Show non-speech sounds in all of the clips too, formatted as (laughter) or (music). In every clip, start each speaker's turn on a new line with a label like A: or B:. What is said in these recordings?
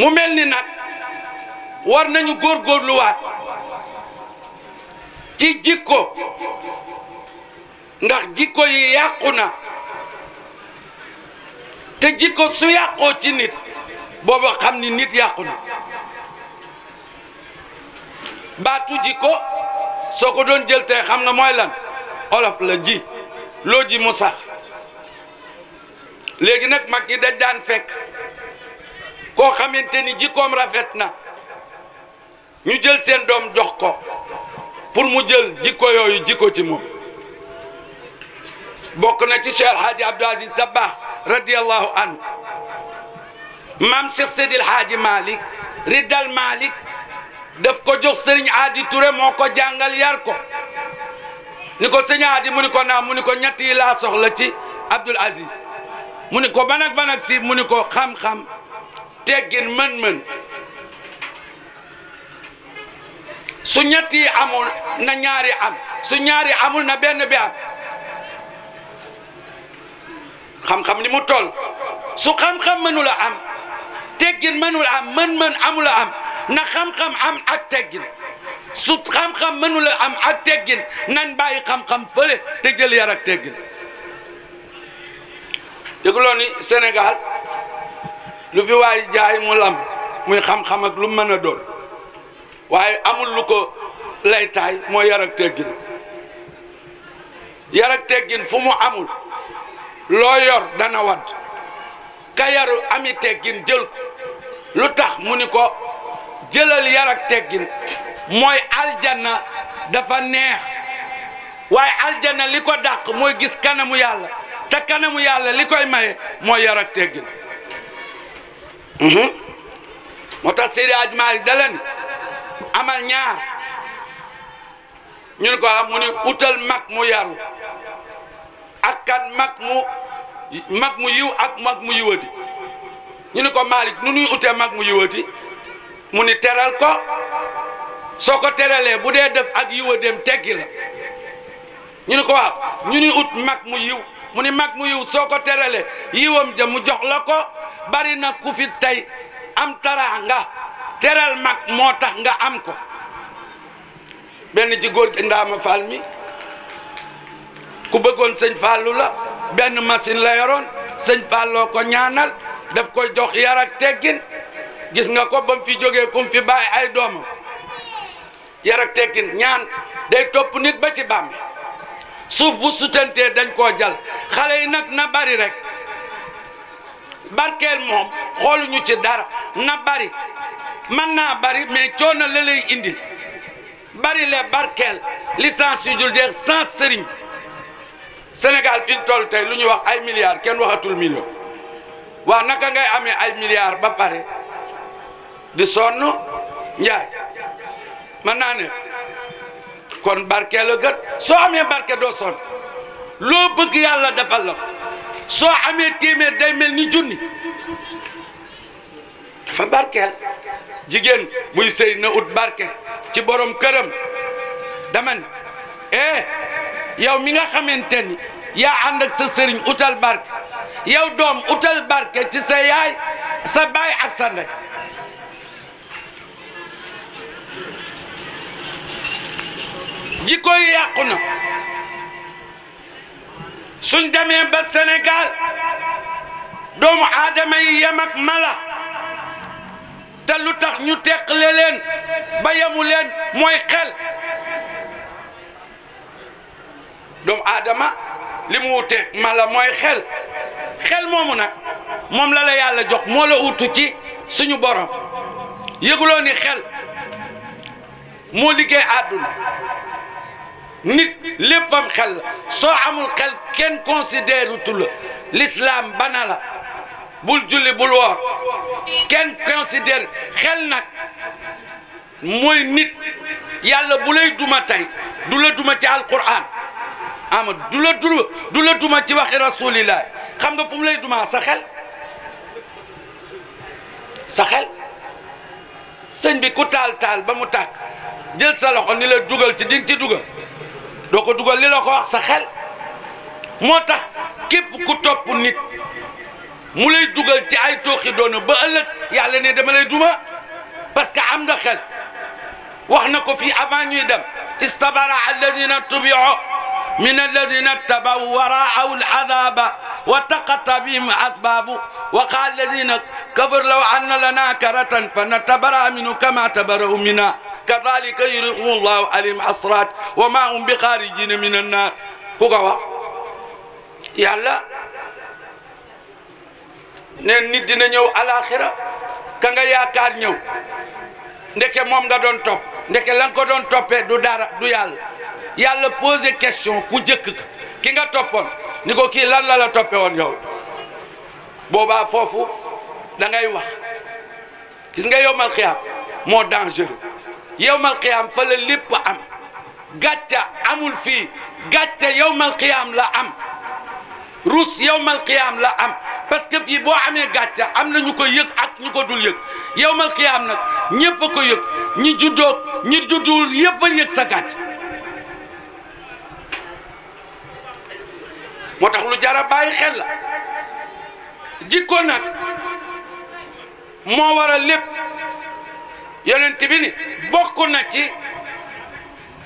A: mu mel ni nag war nañu góor góorgóorluwaat ci jikko ndax jikko yi yàqu na te jikko su yàqoo ci nit booba xam ni nit yàqu na baatu jikko soo ko doon jël tey xam na mooy lan olof la ji loo ji mu sax léegi nag mag ñi dañ daan fekk koo xamante ni jikkoom rafet na ñu jël seen doom jox ko pour mu jël jikko yooyu jikko ci moom bokk na ci Cheikh Alhaaji Abdou Aziz Dabakh radiyallahu anhu maam Cheikh Seydil Haaji Malick Riddal Malick daf ko jox sëriñ Aadi Touré moo ko jàngal yar ko ni ko sëñ Aadi mu ni ko naa mu ni ko ñett yi laa soxla ci Abdul Aziz mu ni ko ban ak ban mu ni ko xam-xam teggin mën-mën su ñett amul na ñaari am su ñaari amul na benn bi am xam-xam ni mu toll su xam-xam mënula am teggin mënula am mën-mën amula am na xam-xam am ak teggin su xam-xam mënula am ak teggin nan bàyyi xam-xam fële te jël yar ak teggin yëguloon ni Sénégal lu fi waay jaay mu lam muy xam-xam ak lu mën a doon waaye amul lu ko lay taay moo yar ak teggin yar teggin fu mu amul loo yor dana wadd ka yaru ami teggin jël ko lu tax mu ni ko jëlal yar teggin mooy aljanna dafa neex waaye aljanna li ko dàq mooy gis kanamu yàlla te kanamu yàlla li koy maye mooy yar ak teggin Mhm. moo tax Seydi Hadji Malick da amal ñaar ñu ne ko am ah, mu ni utal mag mu yaru ak kat mag mu mag mu yiw ak mag mu yiwati ñu ne ko Malick nu nuy utee mag mu yiwati mu ni teral ko soo ko teralee bu dee def ak yiwa dem teggi ñu ne ko waaw ñu ni ut mag mu yiw mu ni mag mu yiw soo ko terale yiwam ja mu jox la ko bari na ku fi tey am tara nga teral mag moo tax nga am ko benn ci góor gi ndaama faal mi ku bëggoon sëñ Fallou la benn machine la yoroon sëñ Falloo ko ñaanal def ko jox yar ak teggin gis nga ko ba fi jógee kum fi bàyyi ay doomam yar ak teggin ñaan day topp nit ba ci bàmme suuf bu sutantee dañ koo jal xale yi nag na bari rek barkeel moom xooluñu ci dara na bari mën naa bari mais coono la indi bari le barkeel licence yu dul jeex sans sëriñ Sénégal fi ñu toll tey lu ñuy wax ay milliards kenn waxatul million waa naka ngay amee ay milliards ba pare di sonn njaay mën naa ne kon barke la soo amee barke doo sonn loo bëgg yàlla defal la soo amee téeméer day mel ni junni dafa barkeel jigéen buy sëy na ut barke ci borom këram dama ne eh yow mi nga xamante ni yaa ànd sa sëriñ utal barke yow doom utal barke ci sa yaay sa baay ak sa jiko yi yàqu suñ demé ba Sénégal doomu adama yi yamak mala ta lutax tax ñu teqale len ba yamu len moy xel doomu adama li mu wuteeg mala moy xel xel momu nak mom la la yàlla jox mo la utu ci suñu borom yëguloo ni xel mo liggé aduna nit léppam xel soo amul xel kenn considérutul lislaam bana la bul julli bul woor kenn considère xel nag mooy nit yàlla bu duma tey du duma ci alquran ama du la duma du la duma ci waxi rasulillah xam nga fu mu lay duma sa xel sa xel sëñ bi ku taal taal ba mu tàkk jël sa loxo ni la dugal ci di nga ci doko dugal li la ko wax sa xel motax kep ku top nit mu lay dugal ci ay toxi doona ba ëllëg yàlla ne dama lay duma parce que am nga xel wax na ko fii avant ñuy dem istabara alladhina tubiu من الذين اتبعوا wa العذاب وتقطع بهم اسباب وقال الذين wa لو ان لنا كره فنتبرا منه كما fa منا kadalika yurihum llahu alayhim hasrat wa ma hum bi xaarijina min annaar ku ko wax yàlla nit dina ñëw alaxira ka nga yaakaar ñëw ndeke moom nga doon topp ndeke la ko doon toppee du dara du yàlla yàlla posé question ku jëkk ki nga toppoon ni ko kii lan la la toppe woon yow boobaa foofu da ngay wax gis nga yowmal xiyaam moo dangereux yowmal qiyaam fa la lépp am gàcca amul fii gàcca yowmal qiyaam la am rus yowmal qiyaam la am parce que fii boo amee gàcca am na ñu ko yëg ak ñu ko dul yëg yowmal qiyaam nag ñëpp a ko yëg ñi juddoog ñi juddul yëpp a yëg sa gàcc moo tax lu jara bàyyi xel la jikko nag moo waral lépp yonent bi ni bokk na ci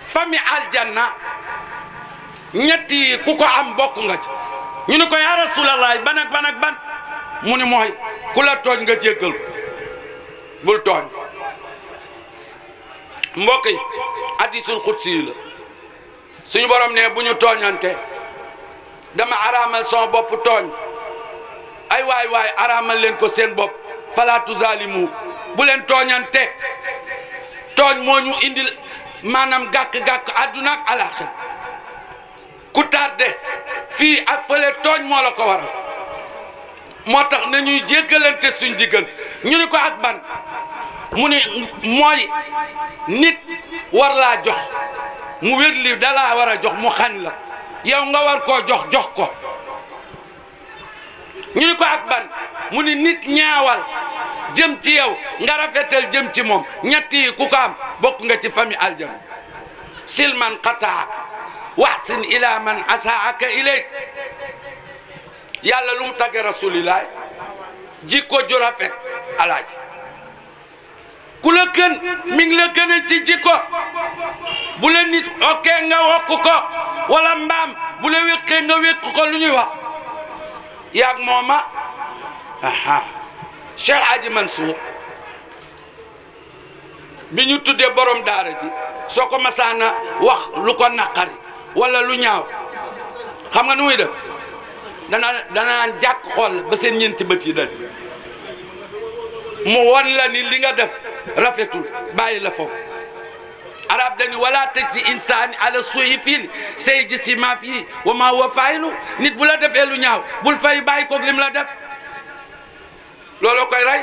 A: fami aljanna ñetti ku ko am bokk nga ci ñu ni ko ya rasulallah ban ak ban ak ban mu ni mooy ku la tooñ nga jéggal bul tooñ mbokk yi hadisul xudsi yi la suñu borom ne bu ñu tooñante dama araamal sama bopp tooñ ay waay waay araamal leen ko seen bopp fala tuzalimu bu leen tooñante tooñ moo ñu indil maanaam gàkk-gàkk àdduna ak ku tardé fii ak fële tooñ moo la ko waral moo tax nañuy jéggalante suñ diggante ñu ni ko ak ban mu ni mooy nit war laa jox mu wér li dalaa war a jox mu xañ la yaw nga war koo jox jox ko ñu ni ko ak ban mu ni nit ñaawal jëm ci yow nga rafetal jëm ci moom ñett ku ko am bokk nga ci famille aljana silman qataaka waxsin ila man asaaka ilayk yàlla lu mu tagge rasulillah jikko ju rafet alaaji ku la gën mi ci jikko bu la nit okkee nga wokk ko wala mbaam bu la wéqee nga wéq ko lu ñuy wax yaag mooma aha Cheikh Aji Mansour bi ñu tuddee borom daara ji soo ko masaana wax lu ko naqari walla lu ñaaw xam nga nu muy def danaa danaan jàkk xool ba seen ñeenti bët yi daj mu wan la ni li nga def rafetul bàyyi la foofu arab dañu wala tëj si insaani ala suyi fiil say gis si maa fii wa maa wa faylu nit bu la defee lu ñaaw bul fay bàyyi koog lim la def looloo koy rey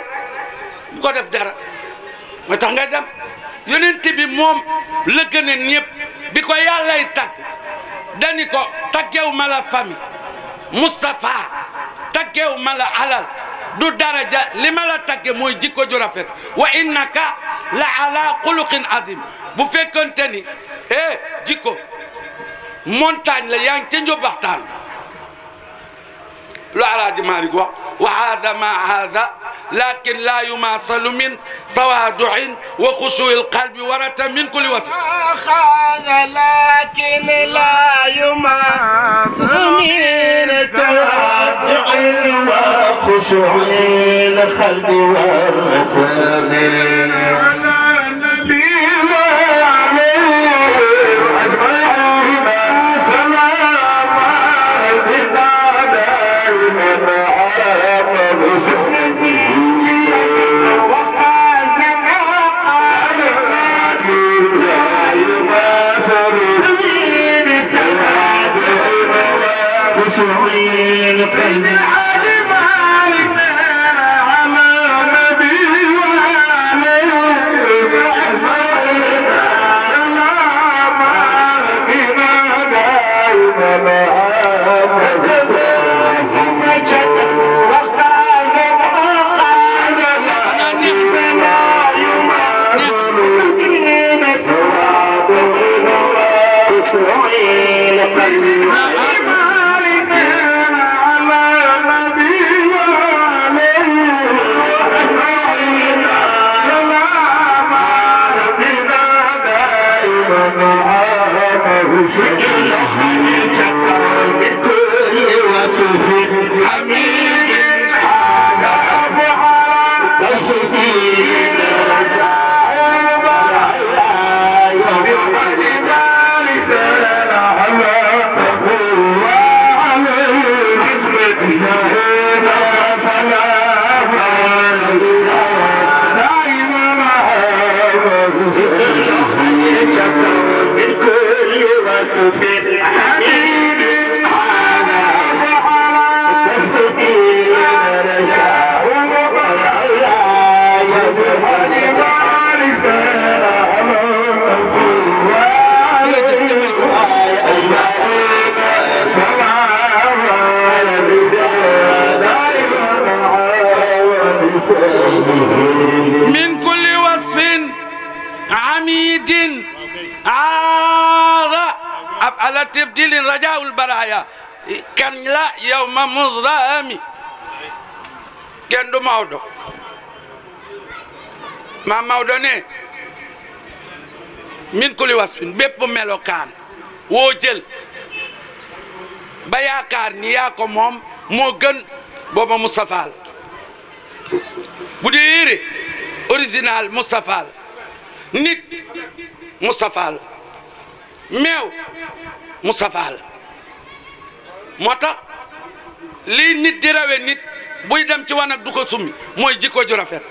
A: bu ko def dara moo tax nga dem yonent bi moom la gën a ñëpp bi ko yàllay tagg dani ko taggew mala la famille Moustapha taggew alal du daraja limala takke moy jikko ju rafet wa innaka la ala xuluqin azim bu fekante ni eh jikko montagne la yang ci ñu njóbbaxtaan lu alaaji Maalik wax wa hada ma hada lakin la yumasalu min tawaduin wa xusui lqalbi warata min kulli wasf
B: شعيل قلبي وارتمي
A: ala tibdilin rajaul baraya kan la yawma muzami gendu mawdo ma mawdo ne min kuli wasfin bépp melokaan woo jël ba yaakaar ni moom moo gën booba Moustapha la bu dee yére original Moustapha nit Moustapha la meew مصطفى موتا لي نيت دي راوي نيت بوي دم تي وانا دوكو سومي موي جيكو جو رافيت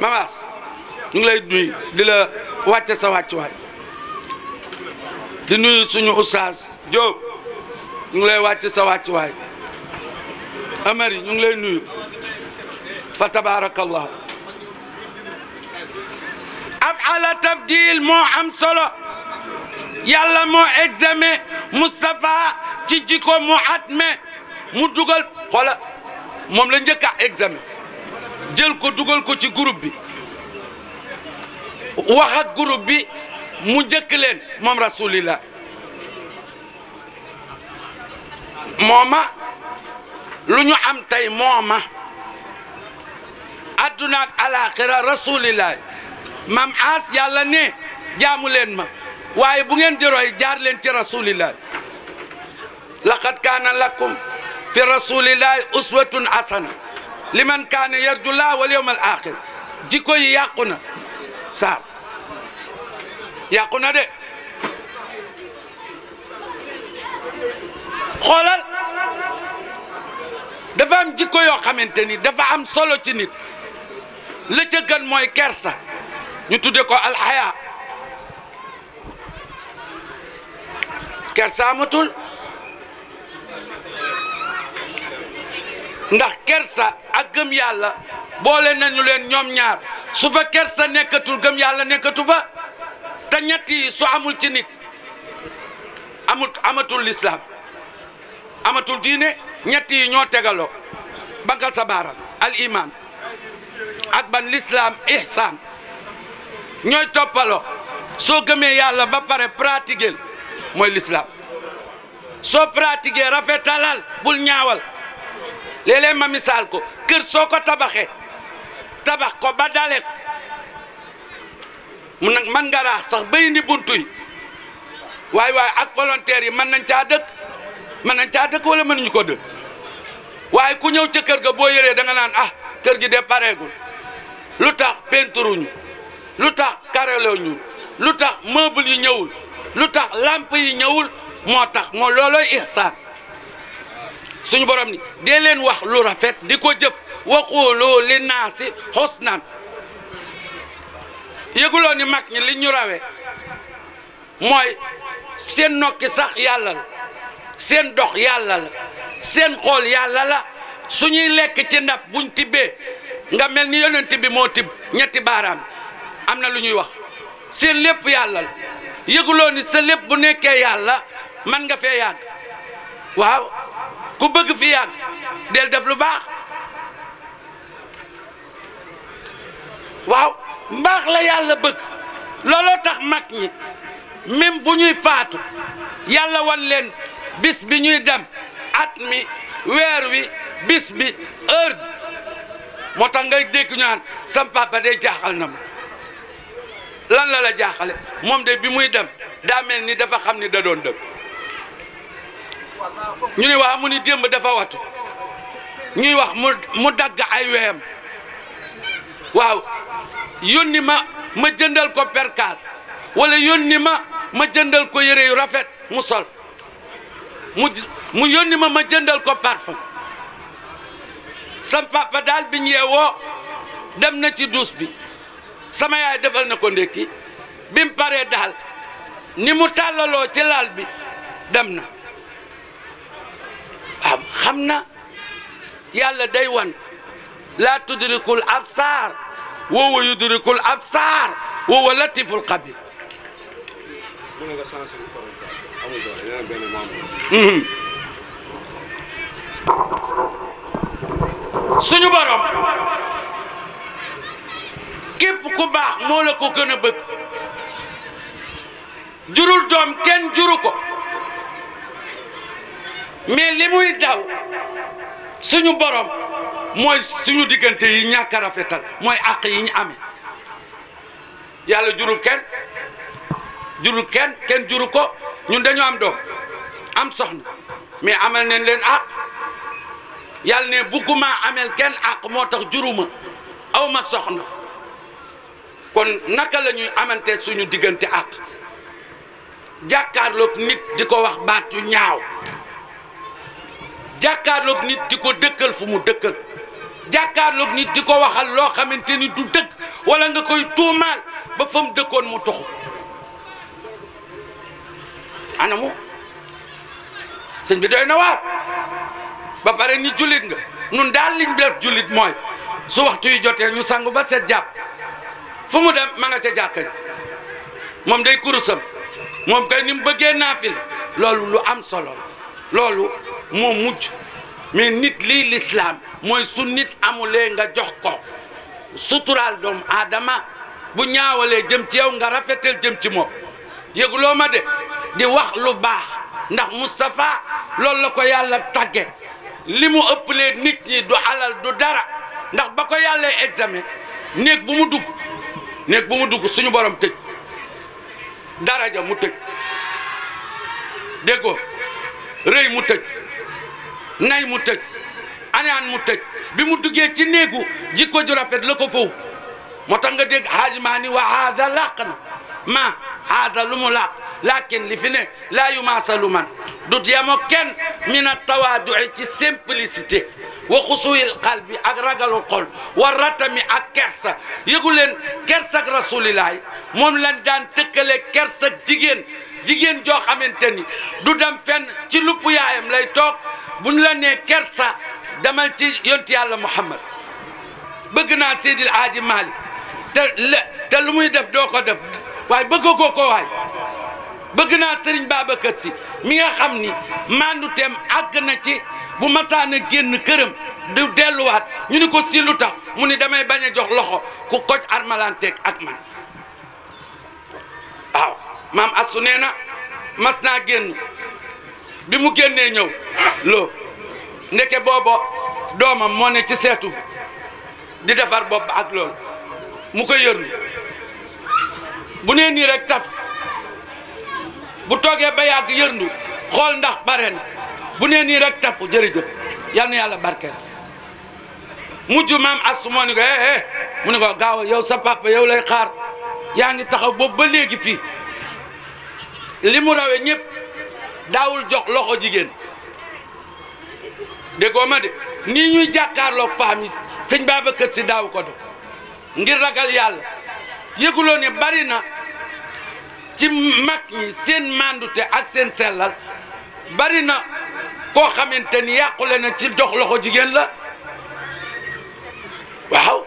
A: ماماس نغ لاي دوي ديلا واتي سا واتي واتي دي نوي سونو استاذ جوب نغ لاي واتي سا واتي واتي امري نغ لاي نوي فتبارك الله افعل تفديل مو ام صلاه yàlla moo exame Moustapha ci jikko mu atme mu dugal xoola moom la njëkk a exame jël ko dugal ko ci groupe bi wax ak bi mu njëkk leen moom rasulillah mooma lu ñu am tey mooma adduna ak alaxira rasulillah maam as yàlla ne jaamu leen ma waaye bu ngeen di roy jaar leen ci rasulillahi laqad kaana lakum fi rasulillahi uswatun hasana liman kaana yarjullaha wal yawmal axir jikko yi yàqu na saar na de xoolal dafa am jikko yoo xamante ni dafa am solo ci nit la ca gën mooy kersa ñu tudde ko alxaya kersa amatul ndax kersa ak gëm yàlla boole nañu leen ñoom ñaar su fa kersa nekkatul gëm yàlla nekkatu fa te ñett su amul ci nit amut amatul lislaam amatul diine ñett yi ñoo tegaloo bangal sa baaram al imaan ak ban lislaam ihsaan ñooy toppaloo soo gëmee yàlla ba pare pratiquer mooy lislaam so pratiquer rafetalal bul ñaawal léeg-léeg ma misaal ko kër soo ko tabaxee tabax ko ba dale ko mu nag mën nga raax sax ba buntu yi waaye waaye ak volontaire yi mën nañ caa dëkk mën nañ caa dëkk wala ko ku ga boo yëree da nga naan ah kër gi de pareegul lu tax peinturuñu lu carreloñu meuble yi lu tax làmp yi ñëwul moo tax moo loolooy ihsaan suñu borom ni dee leen wax lu rafet di ko jëf waqulu li naasi xusnan yëguloo ni mag ñi li ñu rawe mooy seen nokki sax yàlla la seen dox yàlla la seen xool yàlla la suñuy lekk ci ndab buñ tibbee nga mel ni yonent bi moo tibb ñetti baaraam am na lu ñuy wax seen lépp yàlla yëguloo ni sa lépp bu nekkee yàlla man nga fee yàgg waaw ku bëgg fi yàgg del def lu baax waaw mbaax la yàlla bëgg looloo tax mag ñi même bu ñuy faatu yàlla wan leen bis bi ñuy dem at mi weer wi bis bi heure moo tax ngay dégg ñu naan sam papa day jaaxal na ma lan la la jaaxale moom de bi muy dem daa mel ni dafa xam ni dadoon doon ñu ne waa mu ni démb dafa watu ñuy wax mu mu dagg ay weyam waaw yónni ma ma jëndal ko perkaal wala yónni ma ma jëndal ko yére yu rafet mu sol mu mu yónni ma ma jëndal ko parfum sam papa daal bi ñeewoo dem na ci duus bi sama yaay defal na ko ndekki bi mu paree daal ni mu tàllaloo ci laal bi dem na waaw xam na yàlla day wan laa tudrikul absaar woowa yudrikul absaar woowa latiful xabir mhm. suñu borom képp ku baax moo la ko gën a bëgg jurul doom kenn juru ko mais li muy daw suñu borom mooy suñu diggante yi ñàkk a rafetal mooy àq yi ñu ame yàlla jurul kenn jurul kenn kenn juru ko ñun dañu am doom am soxna mais amal nañ leen àq yàlla ne bugguma amel kenn àq moo tax juruma awma soxna kon naka lañuy ñuy amante suñu diggante ak jàkkaarloog nit di ko wax baat yu ñaaw jàkkaarlook nit di ko dëkkal fu mu dëkkal jàkkaarlook nit di ko waxal loo xamante ni du dëkk walla nga koy tuumaal ba fa mu dëkkoon mu toxu anamu sëñ bi doy na waar ba pare ni jullit nga nun daal liñ def jullit mooy su waxtu jotee ñu sangu ba set jàpp fu mu dem ma nga ca jàkka moom day kurusam moom kay ni mu bëggee naafil loolu lu am solo loolu moom mujj mais nit lii lislaam mooy su nit amulee nga jox ko suturaal doomu aadama bu ñaawalee jëm ci yow nga rafetel jëm ci moom yëguloo ma de di wax lu baax ndax Moustapha loolu la ko yàlla tagge li mu ëppalee nit ñi du alal du dara ndax ba ko yàlla examen néeg bu mu dugg néeg bu mu dugg suñu borom tëj daraja mu tëj dégg ko rëy mu tëj nay mu tëj anaan mu tëj bi mu duggee ci néegu jikko ju rafet la ko foofu moo tax nga dégg xaajmaa wa haada làq ma haada lu mu làq laakin li fi ne laa yu maasalu man dut yemoo kenn mina tawaadu ci simplicité wa xusuuyil xal bi ak ragalu xol wa ratami ak kersa yëgu leen kersak rasulilaay moom lañ daan tëkkale kersak jigéen jigéen joo xamante ni du dem fenn ci lupp yaayam lay toog buñ la nee kersa damal ci yonti yàlla muhammad bëgg naa seydil aaji maalik te te lu muy def doo ko def waaye bëgg ko ko bëgg naa Serigne Babacar Sy mi nga xam ni maandu teem àgg na ci bu masaan a génn këram du delluwaat ñu ni ko si lu tax mu ni damay bañ a jox loxo ku koj armalanteeg ak man aw maam asu nee na mas naa génn bi mu génnee ñëw loo ndeke boobo doomam moo ci seetu di defar bopp ak loolu mu ko yërnu bu nee nii rek taf bu toogee ba yàgg yërndu xool ndax bare na bu nee nii rek tafu jërëjëf yal na yàlla barkeel mujj maam asu moo ni eh, eh. mu ne ko gaaw yow sa papa yow lay xaar yaa ngi taxaw boobu ba léegi fi li mu rawee ñépp daawul jox loxo jigéen de ma de nii ñuy jàkkaarloog femmes yi sëñ Babacar si daaw ko def ngir ragal yàlla yëguloo ne bari na. ci mag ñi seen màndute ak seen selal bari na koo xamante ni yàqule na ci jox loxo jigéen la waaw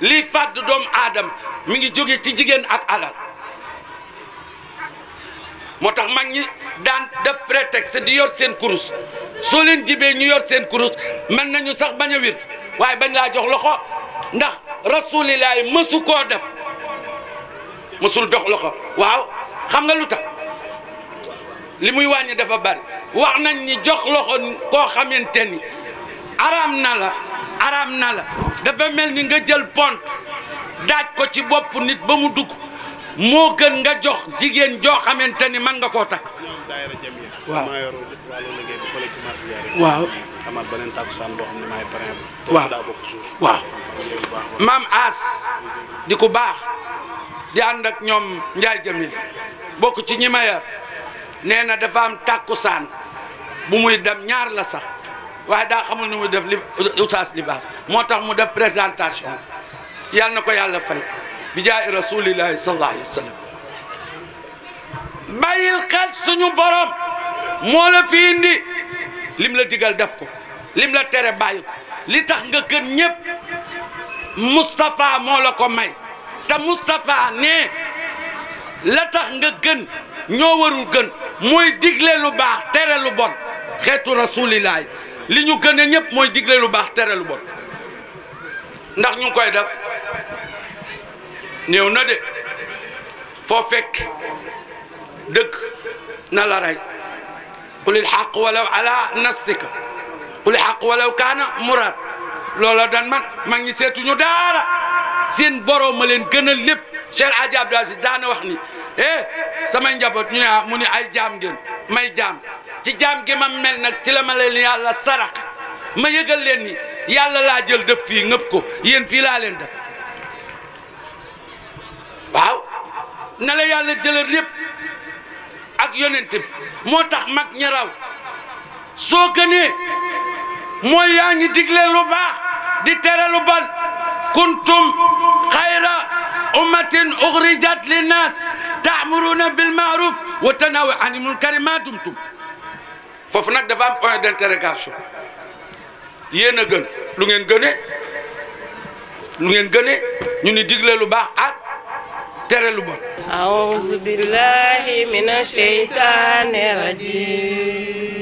A: lii fàdd doomu aadama mi ngi jóge ci jigéen ak alal moo tax mag ñi daan def prétexte di yor seen kurus soo leen jibee ñu yor seen kurus mën nañu sax bañ a wir waaye bañ laa jox loxo ndax rasulilaay mësu koo def musul jox loxo waw xam nga lutax limuy wañi dafa bari wax nañ ni jox loxo ko xamanteni aram na la aram na la dafa melni nga jël pont daj ko ci bop nit ba mu dug mo gën nga jox jigen jo xamanteni man nga ko tak
C: waw waaw
A: amaat beneen takusaan boo xam ne maay parrain waaw As di bax di ànd ak ñoom njaay jamil bokk ci ñi ma nee na dafa am tàkkusaan bu muy dem ñaar la sax waaye daa xamul nu muy def li Oustaz Libaas moo tax mu def présentation yal na ko yàlla fay bi jaay rasulillahi sallallahu wa sallam bàyyil xel suñu borom moo la fi indi lim la digal def ko lim la tere bàyyi li tax nga kën ñëpp Moustapha moo la ko may te Moustapha ne la tax nga gën ñoo warul gën mooy digle lu baax tere lu bon xeetu rasulilaay li ñu gën a ñëpp mooy digle lu baax tere lu bon ndax ñu koy def néew na de foo fekk dëkk na la rey qulil xaq walaw ala nafsika qulil xaq walaw kaana murad loola dan man ma ngi seetuñu daara seen borom ma len gënal lepp Cheikh Hadji Abdou da na wax ni eh sama njabot ñu na ah, mu ni ay jam ngeen may jam ci jam gi ma mel nak ci la ma leen yàlla sarax ma yëgal len ni yalla la jël def fi ngepp ko yeen fi la len def waaw na la yalla lepp ak yonent bi moo tax mag ñi raw soo gënee lu baax di téré lu ban كنتم خير أمة أخرجت للناس تأمرون بالمعروف وتناوي عن المنكر ما دمتم ففنك دفعهم قوية دانترقاشو يين غن لنين غني لنين غني نيني ديقل أعوذ بالله من الشيطان
D: الرجيم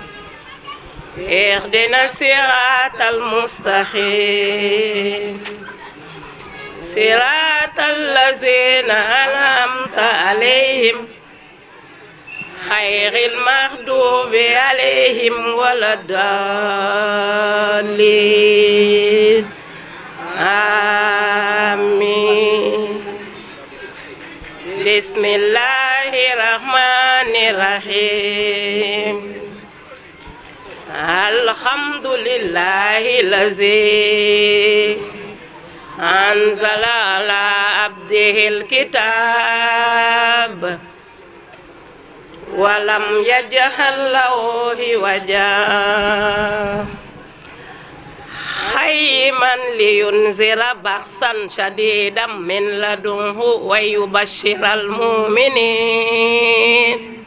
D: اهدنا صراط المستقيم صراط الذين أنعمت عليهم خير المغضوب عليهم ولا الضالين آمين بسم الله الرحمن الرحيم الحمد لله الذي أنزل على عبده الكتاب ولم يجهل له وجا حيما لينزل بخسا شديدا من لدنه ويبشر المؤمنين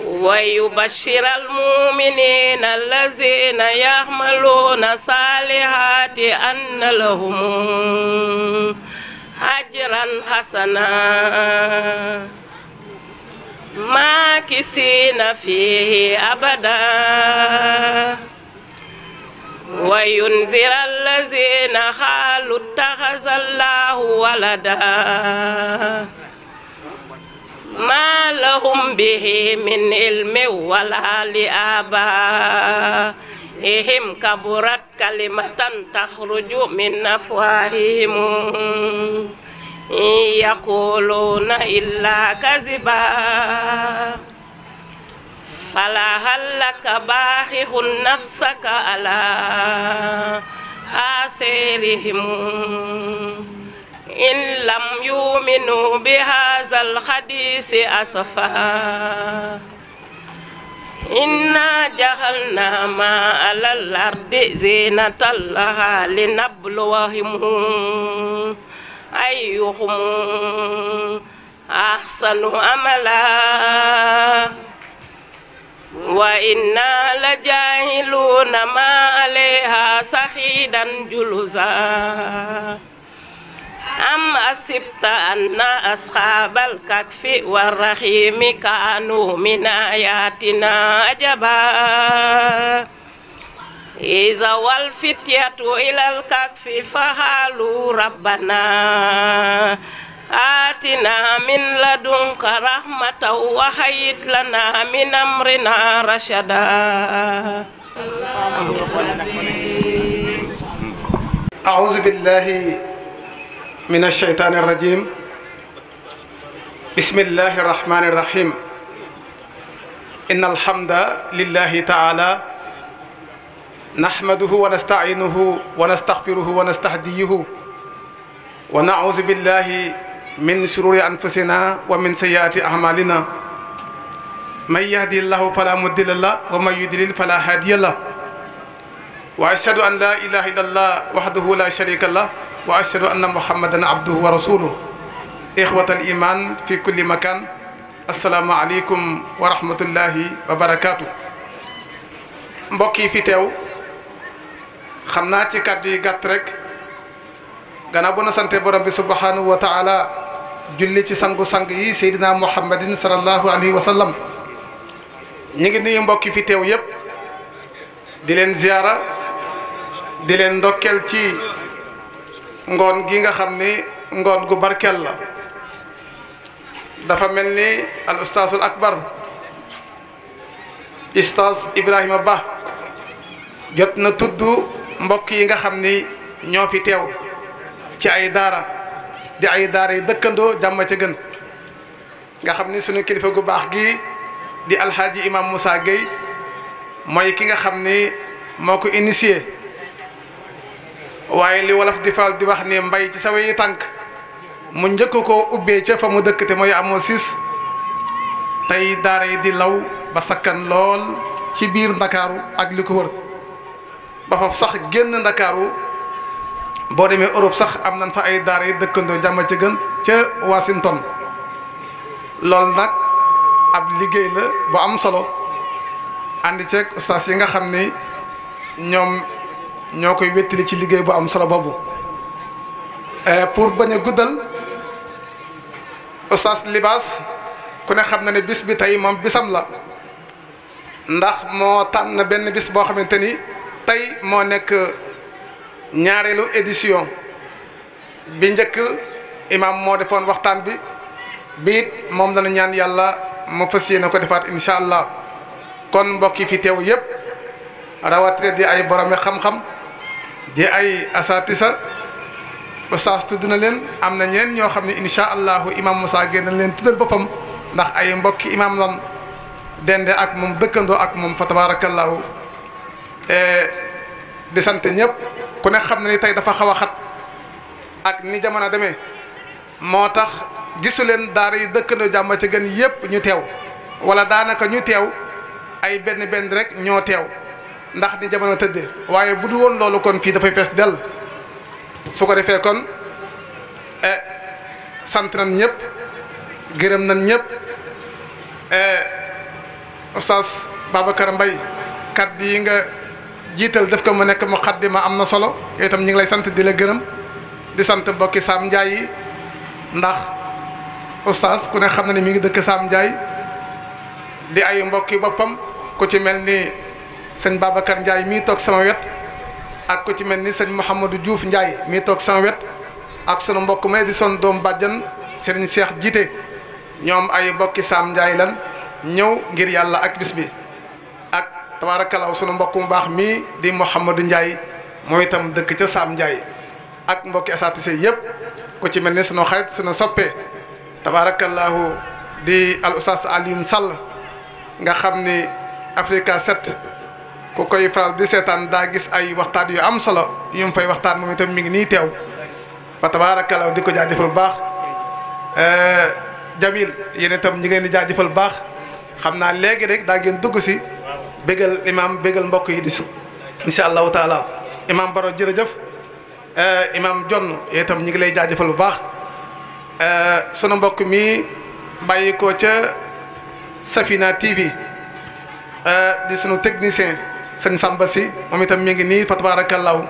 D: ويبشر المؤمنين الذين يعملون صالحات أن لهم أجرا حسنا ماكسين فيه أبدا وينذر الذين قالوا اتخذ الله ولدا ما لهم به من علم ولا لآبائهم كبرت كلمة تخرج من أفواههم يقولون إلا كذبا فلا هل لك باخه نفسك على آثارهم إن لم يؤمنوا بهذا الحديث أسفا إنا جعلنا ما على الأرض زينة لها لنبلوهم أيهم أحسن أملا وإنا لجاهلون ما عليها سخيدا جلزا أم أسبت أن أصحاب الكهف والرحيم كانوا من آياتنا عجبا إذا والفتية إلى الكهف فقالوا ربنا آتنا من لدنك رحمة وهيئ لنا من أمرنا رشدا
C: أعوذ بالله من الشيطان الرجيم بسم الله الرحمن الرحيم إن الحمد لله تعالى نحمده ونستعينه ونستغفره ونستهديه ونعوذ بالله من شرور أنفسنا ومن سيئات أعمالنا من يهدي الله فلا مضل له ومن يضلل فلا هادي له وأشهد أن لا إله إلا الله وحده لا شريك له وأشهد أن محمدا عبده ورسوله إخوة الإيمان في كل مكان السلام عليكم ورحمة الله وبركاته مبكي في تيو خمنا تي كادي غاتريك غانا بونا سانتي سبحانه وتعالى جلتي تي سانغو سيدنا محمد صلى الله عليه وسلم نيغي نيو مبكي في تيو يب دي زياره دي لين دوكل تي ngoon gi nga xam ni ngoon gu barkeel la dafa mel ni al ustaasul akbar ustaas Ibrahima Ba jot na tudd mbokk yi nga xam ni ñoo fi teew ci ay daara di ay daara yi dëkkandoo jàmm ca gën nga xam ni suñu kilifa gu baax gi di alxaaji imam Moussa Gueye mooy ki nga xam ni moo ko initié waaye li wolof di faral di wax ne mbay ci sawe yi tànk mu njëkk ko ubbee ca fa mu dëkk te mooy amoo siis tey daara yi di law ba sakkan lool ci biir ndakaaru ak li ko wër ba fa sax génn ndakaaru boo demee Europe sax am nañ fa ay daara yi dëkkandoo jàmm ci ca Washington loolu nag ab liggéey la bu am solo ànd ceeg ustaas yi nga xam ni ñoom ñoo koy wettili ci liggéey bu am solo boobu eh, pour bañ a guddal Oustaz Libaas ku ne xam na ne bis bi tey moom bisam la ndax moo tànn benn bis boo xamante ni tey moo nekk ñaareelu édition bi njëkk imaam moo defoon waxtaan bi biit moom dana ñaan yàlla mu fas yéene ko defaat incha allah kon mbokk yi fi teew yëpp rawatina di ay boromi xam-xam. ji ay asatisa ustaas tudd na leen am na ñeneen ñoo xam ne incha allahu imam Moussa Gueye na leen tuddal boppam ndax ay mbokki imam lan dende ak moom dëkkandoo ak moom fa tabarakallahu e, di sant ñëpp ku ne xam ne ni tey dafa xaw a xat ak ni jamono demee moo tax gisu leen daara yi dëkkandoo jàmm ci gën yëpp ñu teew wala daanaka ñu teew ay benn benn rek ñoo teew ndax ni jamono tedde waye budu won lolu kon kon da fay fess del su ko defé kon e, sant nan ñep gërem nan euh oustaz babakar mbay kat yi nga jital def ko mu nek mu xaddima solo itam ñi ngi lay sant di la gërem di sant mbokki sam jaay yi ndax oustaz ku ne xamna ni mi ngi dëkk sam jaay di ay mbokki bopam ku ci melni sëñ Babacar Ndiaye mii toog sama wet ak ku ci mel ni sëñ Mouhamadou Diouf Ndiaye mii toog sama wet ak sunu mbokk may di son doom bàjjan sëriñ Cheikh jiite ñoom ay bokki Saam Ndiaye lan ñëw ngir yàlla ak bis bi ak tabaarakalaw sunu mbokk mu baax mii di Mouhamadou Ndiaye mooy itam dëkk ca Saam Ndiaye ak mbokki asatise yëpp ku ci mel ni sunu xarit sunu soppe tabaarakallaahu di al oustaz Alioune Sall nga xam ni Africa set ku koy faral di seetaan daa gis ay waxtaan yu am solo yu mu fay waxtaan moom itam mi ngi nii teew fa tabaarakallaa di ko jaajëfal bu baax eh, Jamil yéen itam ñi ngeen di jaajëfal bu baax xam naa léegi rek daa ngeen dugg si bégal imaam bégal mbokk yi di si incha allahu taala imaam Baro jërëjëf eh, imaam Jonn yéen itam ñi ngi lay jaajëfal bu baax eh, sunu mbokk mi bàyyi ko ca Safina TV di sunu technicien. sëñ Samba si moom itam mi ngi nii fa tabaarakallaaw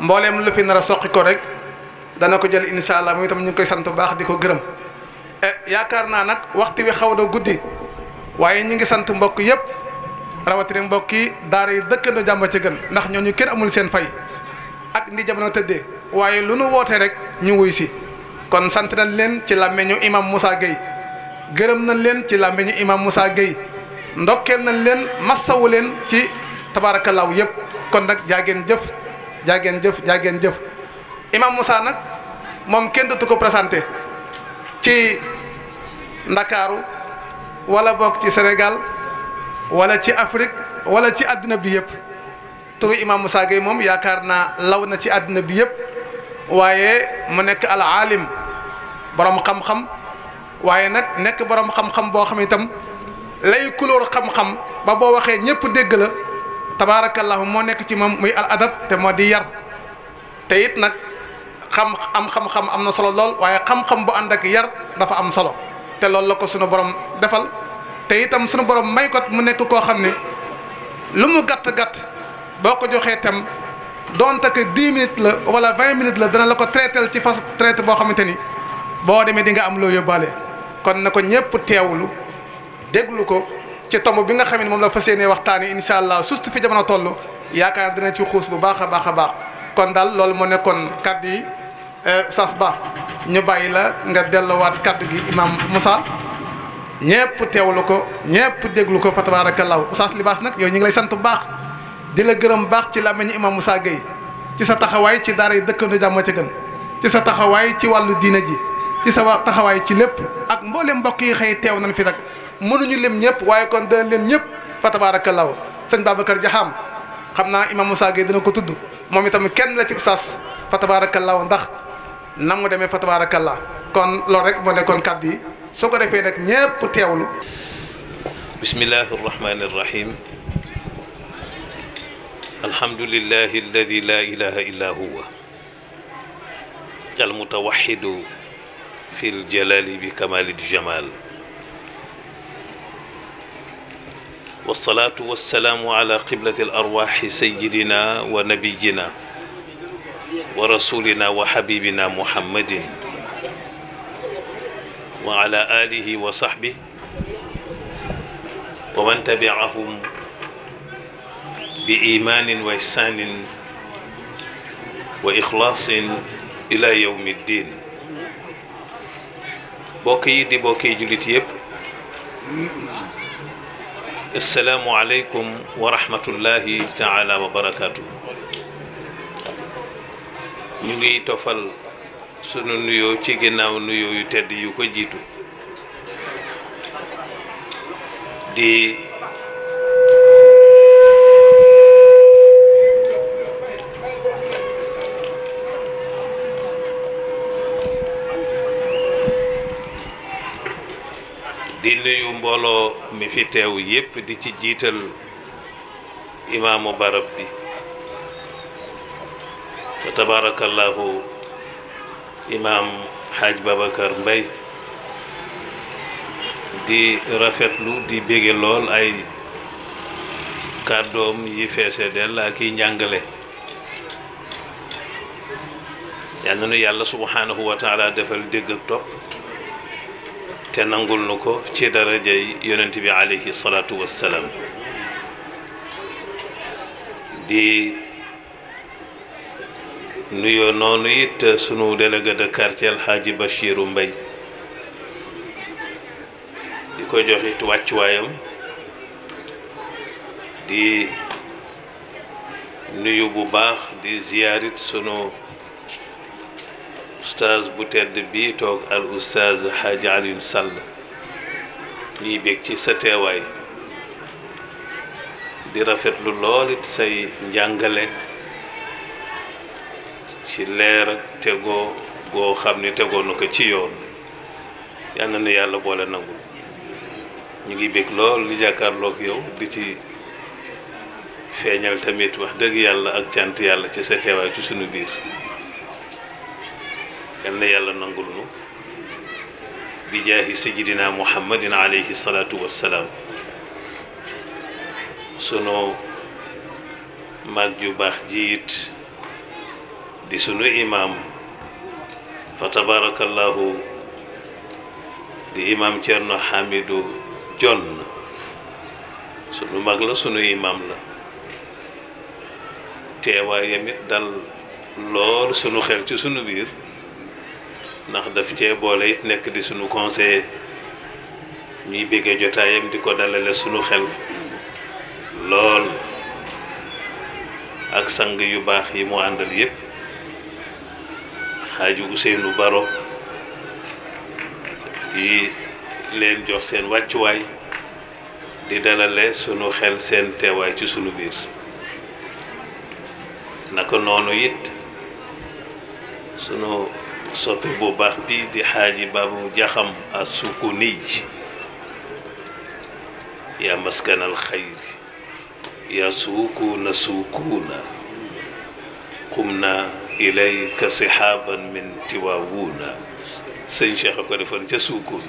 C: mbooleem lu fi nar a soqi ko rek dana ko jël incha allah moom itam ñu koy sant bu baax di ko gërëm eh, yaakaar naa nag waxtu wi xaw na guddi waaye ñu ngi sant mbokk yëpp rawatina mbokk yi daara yi dëkkandoo jàmba ci gën ndax ñooñu kenn amul seen fay ak ni jamono tëddee waaye lu nu woote rek ñu wuy si kon sant nañ leen ci làmmeñu imam Moussa Gueye gërëm nañ leen ci làmmeñu imam Moussa Gueye ndokkeel nañ leen massawu leen ci tabaarakallaahu yëpp kon nag jaageen jëf jaageen jëf jaageen jëf imam Moussa nag moom kenn dootu ko présenté ci ndakaaru wala bokk ci Sénégal wala ci Afrique wala ci àddina bi yëpp turu imam Moussa Gueye moom yaakaar naa law na ci àddina bi yëpp waaye mu nekk al aalim borom xam-xam waaye nag nekk boroom xam-xam boo xam itam lay kulóor xam-xam ba boo waxee ñëpp dégg la. tabaarakallahu moo nekk ci moom muy al adab te moo di yar te it nag xam am xam-xam am na solo lool waaye xam-xam bu ànd ak yar dafa am solo te loolu la ko sunu borom defal te itam sunu borom may kot mu nekk koo xam ne lu mu gàtt gàtt boo ko joxee tem donte que dix minute la wala vingt minutes la dana la ko traiteel ci fas traité boo xamante ni boo demee di nga am loo yóbbaale kon na ko ñëpp teewlu déglu ko. ci tomb bi nga xam moom la fas yéenee waxtaanee incha allah sustu fi jamono toll yaakaar dina ci xuus bu baax a baax a baax kon daal lool moo nekkoon kàddu yi eh, sas ba ñu bàyyi la nga delluwaat kàdd gi imam Moussa ñëpp teewlu ko ñëpp déglu ko fa tabaarakallaahu Oustaz Libaas nag yow ñu ngi lay sant bu baax dina la gërëm baax ci làmmiñu imam Moussa Gueye ci sa taxawaay ci daara yi dëkkandoo jàmm ca gën ci sa taxawaay ci wàllu diina ji ci sa taxawaay ci lépp ak mboolem mbokk yi xëy teew nañ fi nag. mënuñu lem ñëpp waaye kon dana leen ñëpp fa tabaarakallaahu sëñ Babacar Jaxaam xam naa imam Moussa Gueye dina ko tudd moom itam kenn la ci oustaz fa tabaarakallaahu ndax na mu demee fa tabaarakallaa kon loolu rek moo nekkoon kadd yi soo ko defee nag ñëpp teewlu
E: bismillahi arrahmani arrahim alhamdulillahi alladi la ilaha illa huwa almutawaxidu fi aljalali bi kamalil jamal والصلاة والسلام على قبلة الأرواح سيدنا ونبينا ورسولنا وحبيبنا محمد وعلى آله وصحبه ومن تبعهم بإيمان وإحسان وإخلاص إلى يوم الدين بوكي دي بوكي جلتيب assalaamu aleykum wa rahmatullahi taala wa barakaatu ñu ngi tofal sunu nuyoo ci ginnaaw nuyoo yu tedd yu ko jiitu di di nuyu mbooloo mi fi teew yépp di ci jiital imaamu barab bi fa tabaarakallaahu imaam xaaj Babacar Mbay di rafetlu di bége lool ay kàddoom yi feese dell ak yi njàngale yal na nu yàlla subhaanahu wa taala defal dégg ak topp te nangul nu ko ci darajay yonent bi aleyhi salaatu wassalaam di nuyoo noonu it sunu délégué de quartier alxaaji Bachiru Mbay di ko jox it wàccuwaayam di nuyu bu baax di ziyaarit sunu oustaz bu tedd bi toog al oustaz Hadji Alioune Sall ñuy bég ci sa teewaay di rafetlu lool it say njàngale ci leer ak tegoo goo xam ni tegoo na ko ci yoon yal na nu yàlla boole nangul ñu ngi bég lool li jàkkaarlook yow di ci feeñal tamit wax dëgg yàlla ak cant yàlla ci sa teewaay ci sunu biir yal na yàlla nangul nu bi jaahi sayidina muhammadin alayhi salaatu wassalaam sunu mag ju baax jiit di sunu imaam fa tabarakallahu di imaam Thierno Hamidou Dione sunu mag la sunu imaam la teewaayam it dal lool sunu xel ci sunu biir ndax daf cee boole it nekk di sunu conseiller ñuy béggee jotaayam di ko dalale sunu xel lool ak sang yu baax yi mu àndal yépp xaaju Ousseynou Baro di leen jox seen wàccuwaay di dalale sunu xel seen teewaay ci sunu biir naka noonu it sunu soppi bu baax bi di xaaji baabu jaxam asukuni yaa maskanal xayri yaa suukuuna suukuuna qumna ilayka sixaaban min tiwaawuuna sëñ Cheikh a ko defoon ca suukuun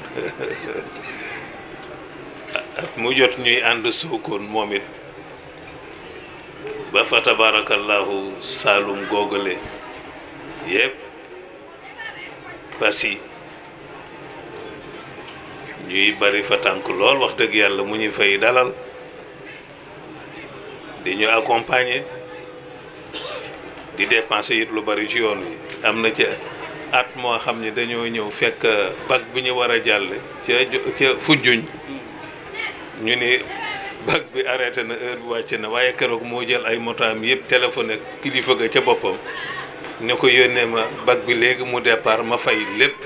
E: (laughs) at mu ñuy ànd suukuun moom it ba fa tabaarakallaahu saalum googale yépp Passy ñuy bari fa tànk lool wax deug yalla mu fay dalal di ñu accompagner di dépenser it lu bari ci yoon wi amna ci at mo xamni ne dañoo ñëw fekk bag bi ñu wara jall ci ci ñu ni bag bi arrêté na heure bi wacc na waye kërok mo jël ay motam yépp téléphone kilifa ga ca boppam ne ko yónnee ma bag bi léegi mu départ ma fay lépp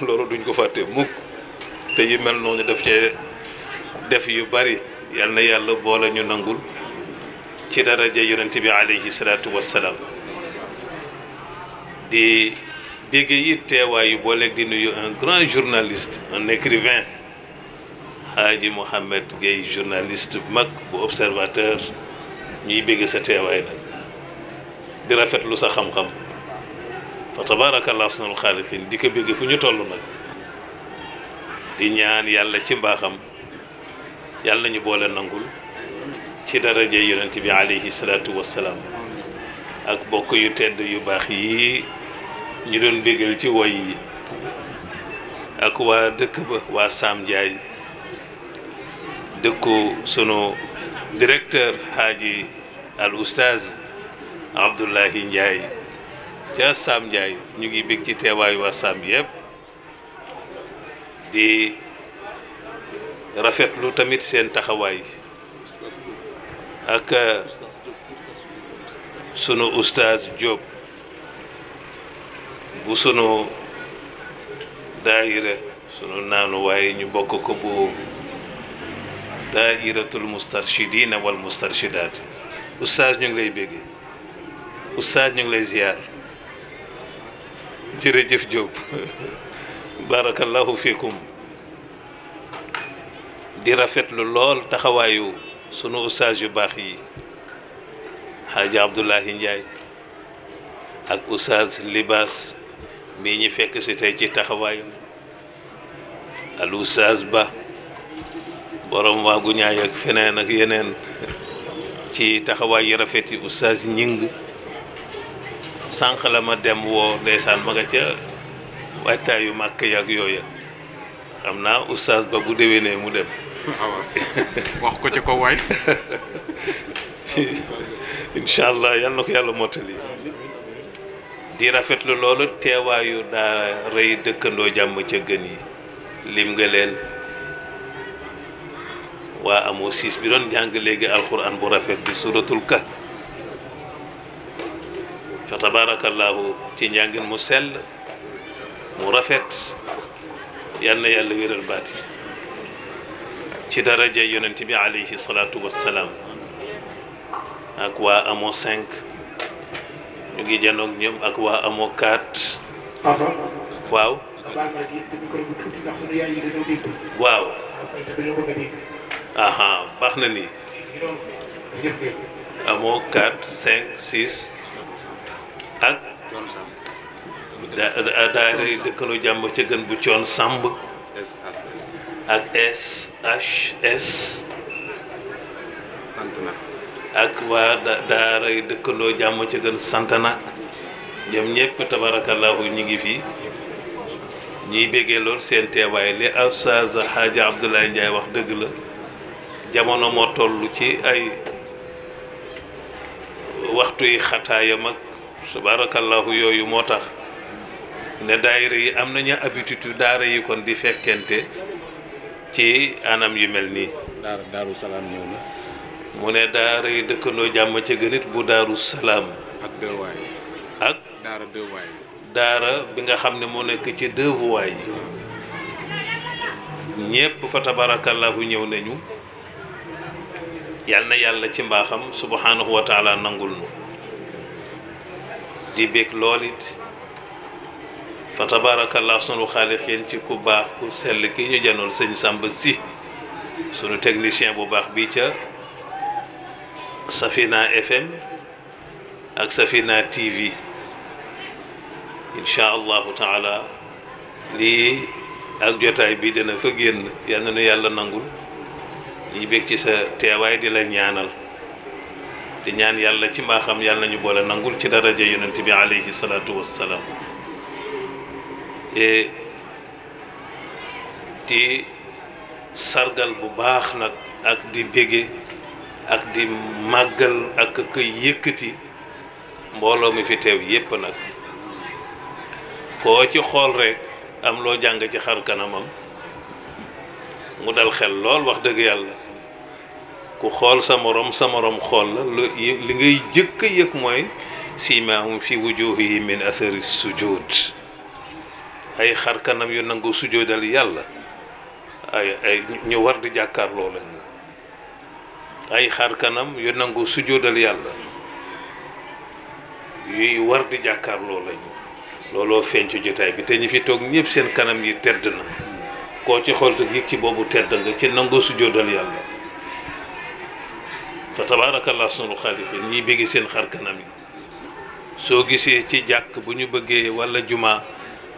E: loolu duñ ko fàtte mukk te yu mel noonu def cee def yu bari yal na yàlla boole ñu nangul ci daraja yonent bi aleyhi salaatu wassalaam di bégge yi teewaayu booleeg di nuyu un grand journaliste un écrivain Haaji Mohamed Gueye journaliste bu mag bu observateur ñuy bégge sa teewaay nag di rafetlu sa xam-xam fa tabaarakallah sunul xaaliqin di ko bëgg fu ñu tollu nag di ñaan yàlla ci mbaaxam yàlla ñu boole nangul ci daraja yonent bi alayhi salaatu wassalaam ak bokk yu tedd yu baax yi ñu doon bégal ci woy yi ak waa dëkk ba waa Sam Ndiaye dëkku sunu directeur Haaji al Oustaz Abdoulahi njaay ca Sam Ndiaye ñu ngi bég ci teewaayu waa Sam yëpp di rafetlu tamit seen taxawaay ak euh, sunu oustaz Diop bu sunu daayira sunu naanu waaye ñu bokk ko bu daayiratul mustarshidina wal mustarshidaat oustaz ñu ngi lay bégee oustaz ñu ngi lay ziar jërëjëf Diop (laughs) barakallahu fiikum di rafetlu lool taxawaayu sunu oustaz yu baax yi xaaji Abdoulahi Ndiaye ak oustaz Libaas mii ñi fekk si tey ci taxawaay al oustaz Ba borom waagu ñaay ak feneen ak yeneen (laughs) ci taxawaay yu rafet yi oustaz Ñing sànq ma dem woo ndeysaan ma nga ca waajtaay yu màkk yàgg yooya xam naa oustaz ba bu déwénee mu dem. Ah wax ko ci ko waay. (laughs) incha allah yal ko yàlla mottali di rafetlu loolu teewaayu daa rëy dëkkandoo jàmm ca gën yi lim nga leen waa amoo siis bi doon jàng léegi alxuraan bu rafet bi suratul ka fa tabarakallahu ci njàngin mu sell mu rafet yal na yàlla wéral baati ci daraja yonent bi alayhi salaatu wassalaam ak waa amoo 5 ñu ngi janoog ñoom ak waa amoo 4 waaw waaw aha baax na nii amoo 4 5 6 ak daayira yi dëkkandoo jàmm ca gën bu coon sàmb ak SHS ak waa daara yi dëkkandoo jàmm ca gën sant nag ñoom ñëpp tabarakallahu ñi ngi fii ñuy béggee lool seen teewaay li Oustaz Hadja Abdoulaye Ndiaye wax dëgg la jamono moo toll ci ay waxtu yi xataayam subaarakallaahu yooyu moo tax ne daayira yi am nañu habitude yu daara yi kon di fekkente ci anam yu mel nii daara
C: daaru salaam ñëw
E: mu ne daara yi dëkkandoo jàmm ca gënit bu daaru salaam ak deux waay ak daara deux daara bi nga xam ne moo nekk ci deux voies yi ñépp fa tabarakallahu ñëw nañu yal na yàlla ci mbaaxam subhanahu wa taala nangul nu di bég lool it fa tabaarakallah sunu xaalixiin ci ku baax ku sell ki ñu janool sëñ Samba si sunu technicien bu baax bi ca Safina FM ak Safina TV incha allahu taala lii ak jotaay bi dina fa génn yal na nu yàlla nangul ñi bég ci sa teewaay di la ñaanal di ñaan yàlla ci mbaaxam yàlla ñu boole nangul ci daraja yonent bi aleyhi salaatu wassalaam te di sargal bu baax nag ak di bége ak di màggal ak koy yëkkati mbooloo mi fi teew yépp nag koo ci xool rekk am loo jàng ci xar kanamam mu dal xel lool wax dëgg yàlla ku xool sa morom sa morom xool la lu li ngay jëkk a yëg mooy siimaahum fi wujuuhihim min athari sujud ay xarkanam yu nangu sujoodal yàlla ay ay ñu war di jàkkaarloo lañ ay xarkanam yu nangu sujoodal yàlla yuy war di jàkkaarloo lañu looloo feeñ ci jotaay bi te ñu fi toog ñëpp seen kanam yi tedd na koo ci xool te yëg ci boobu tedd nga ci nangu sujoodal yàlla fa tabaarakallah sunu xaaliqin ñiy bëgg seen xar kanam yi soo gisee ci jàkk bu ñu bëggee walla jumaa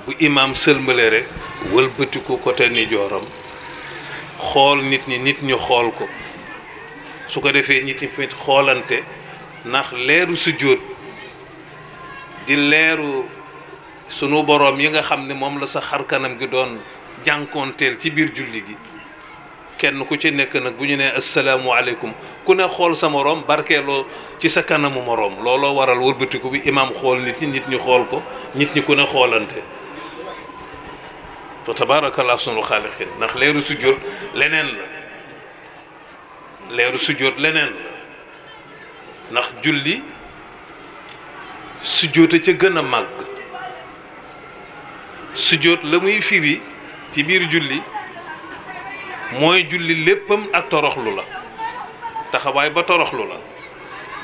E: bu imaam sëlmale rek wëlbatiku côté ni jooram xool nit ñi nit ñu xool ko su ko defee nit ñi xoolante ndax leeru sujjóot di leeru sunu boroom yi nga xam ne moom la sa xarkanam gi doon jànkoonteel ci biir julli gi kenn ku ci nekk nag bu ñu nee asalaamualeykum ku ne xool sa moroom barkeeloo ci sa kanamu moroom looloo waral wërbatiku bi imaam xool nit ñi nit ñi xool ko nit ñi ku ne xoolante to tabaarakallaahu ahsanul xaaliqiin ndax leeru sujjóot leneen la leeru sujjóot leneen la ndax julli sujjóote ca gën a màgg sujjóot la muy firi ci biir julli mooy julli léppam ak toroxlu la taxawaay ba toroxlu la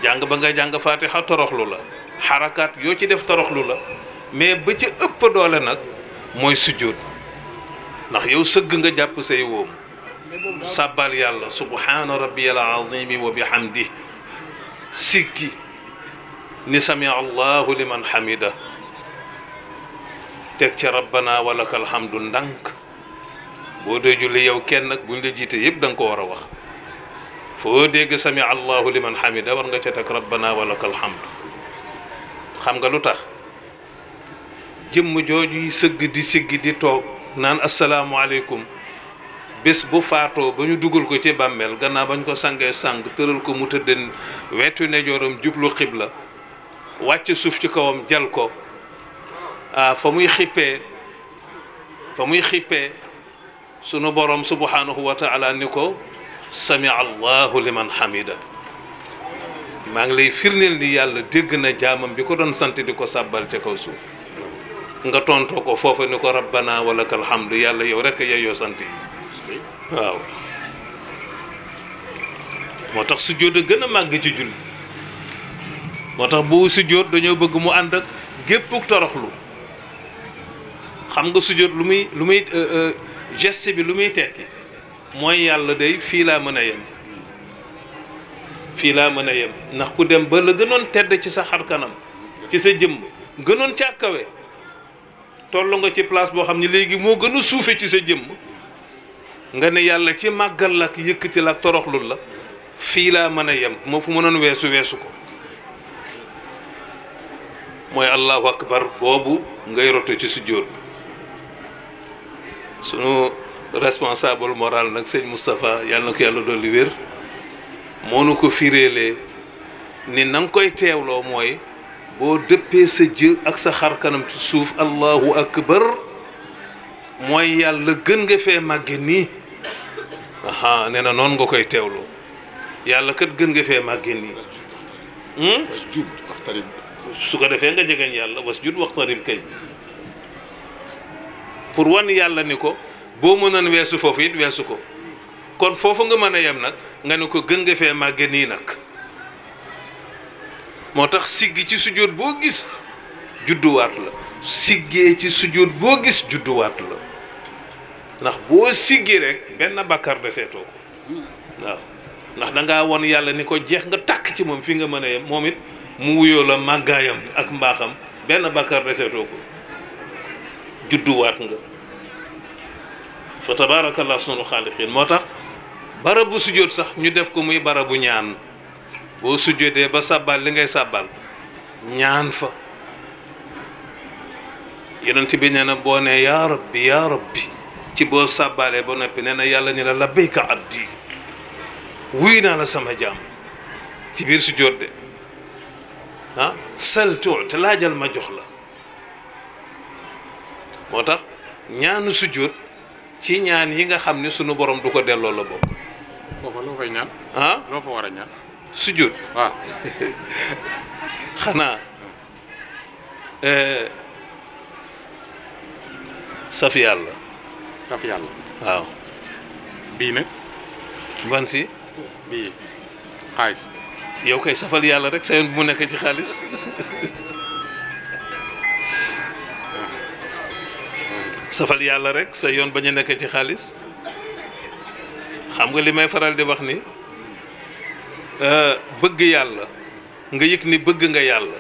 E: jàng ba nga jàng faatixa toroxlu la xarakaat yoo ci def toroxlu la mais ba ca ëpp doole nag mooy sujjóot ndax yow sëgg nga jàpp say wóom sàbbal yàlla subhaana rabbiyal azimi wa bihamdi siggi ni sami allahu liman hamida teg ci rabbana walakal hamdu ndànk boo dee julli yow kenn nag buñ la jiite yëpp danga ko war a wax foo dégg sami allahu liman hamida war nga ca teg rabbana walakal hamd xam nga lu tax jëmm jooju sëgg di sigg di toog naan asalaamualeykum bés bu faatoo ba ñu dugal ko ci bàmmeel gannaaw bañ ko sangee sang tëral ko mu tëdd wetu nejooram jublu xibla wàcc suuf ci kawam jal ko ah fa muy xippee fa muy xippee sunu borom سبحانه وتعالى taala سمع الله لمن allahu liman hamida maa ngi lay firndeel ni yàlla دون سانت jaamam bi ko doon sant di nga tonto ko fofu ni ko rabbana walakal hamdu yàlla yow rek ya yo sante waaw motax sujud sujjóot a gën ci julli motax bu sujud dañu bëgg mu ànd ak gepp géppuk toroxlu xam nga sujud lumuy lumuy lu muy geste bi lu muy tekki mooy yàlla day fii laa mën a yem fii laa mën a yem ndax ku dem ba la gënoon tedd ci sa xar kanam ci sa jëmm gënoon ca kawe toll nga ci place boo xam ni léegi moo gën a suufe ci sa jëmm nga ne yàlla ci màggal la ak yëkkati la ak toroxlul la fii laa mën a yem moo fu mënoon weesu weesu ko mooy allahu akbar boobu ngay roto ci sujjóot sunu responsable moral nag sëñ Moustapha yàlla na ko yàlla dolli wér moo nu ko firéelee ni nang koy teewloo mooy boo dëppee sa jë ak sa xar kanam ci suuf allahu akbar mooy yàlla gën nga fee màgge nii aha nee na noonu nga koy teewloo yàlla kat gën nga fee màgge nii hmm? su ko defee nga jegeñ yàlla was jud waxtarib kañ pour wan yalla niko bo mo mënoon wessu fofu it wessu ko kon fofu nga meuna yam nak nga niko ko gën nga fee màgge nii nag moo siggi ci sujud bo gis wat la siggee ci sujud bo gis wat la ndax bo siggi rek ben bàkkar de seto ko waaw ndax nga won yalla niko jeex nga tak ci mom fi nga meuna mu wuyo la magayam ak mbaxam ben de seto ko judduwaat nga fa tabaarakallah sunu xaalixiin moo tax barabu bu sujjóot sax ñu def ko muy barabu ñaan boo sujjóotee ba sàbbal li ngay sàbbal ñaan fa yonent bi nee na boo nee yaa rabbi yaa rabbi ci boo sàbbaalee ba noppi nee na yàlla ni la labbayka abdi wuy naa la sama jaam ci biir sujjóot de ah sal tuut laajal ma jox la moo tax ñaanu sujjóot ci ñaan yi nga xam ni sunu borom du ko delloo la bopp
C: foofa loo fay ñaan. Ah? war a ñaan.
E: sujjóot waaw ah. (laughs) xanaa eh, saf yàlla. saf yàlla. waaw. bii nag. ban si. bii yow kay safal yàlla rek sayoon bu mu nekk ci xaalis. (laughs) safal yalla rek sa yoon ba nek ci khalis xam nga limay faral di wax ni euh, bëgg yalla nga yëg ni bëgg nga yalla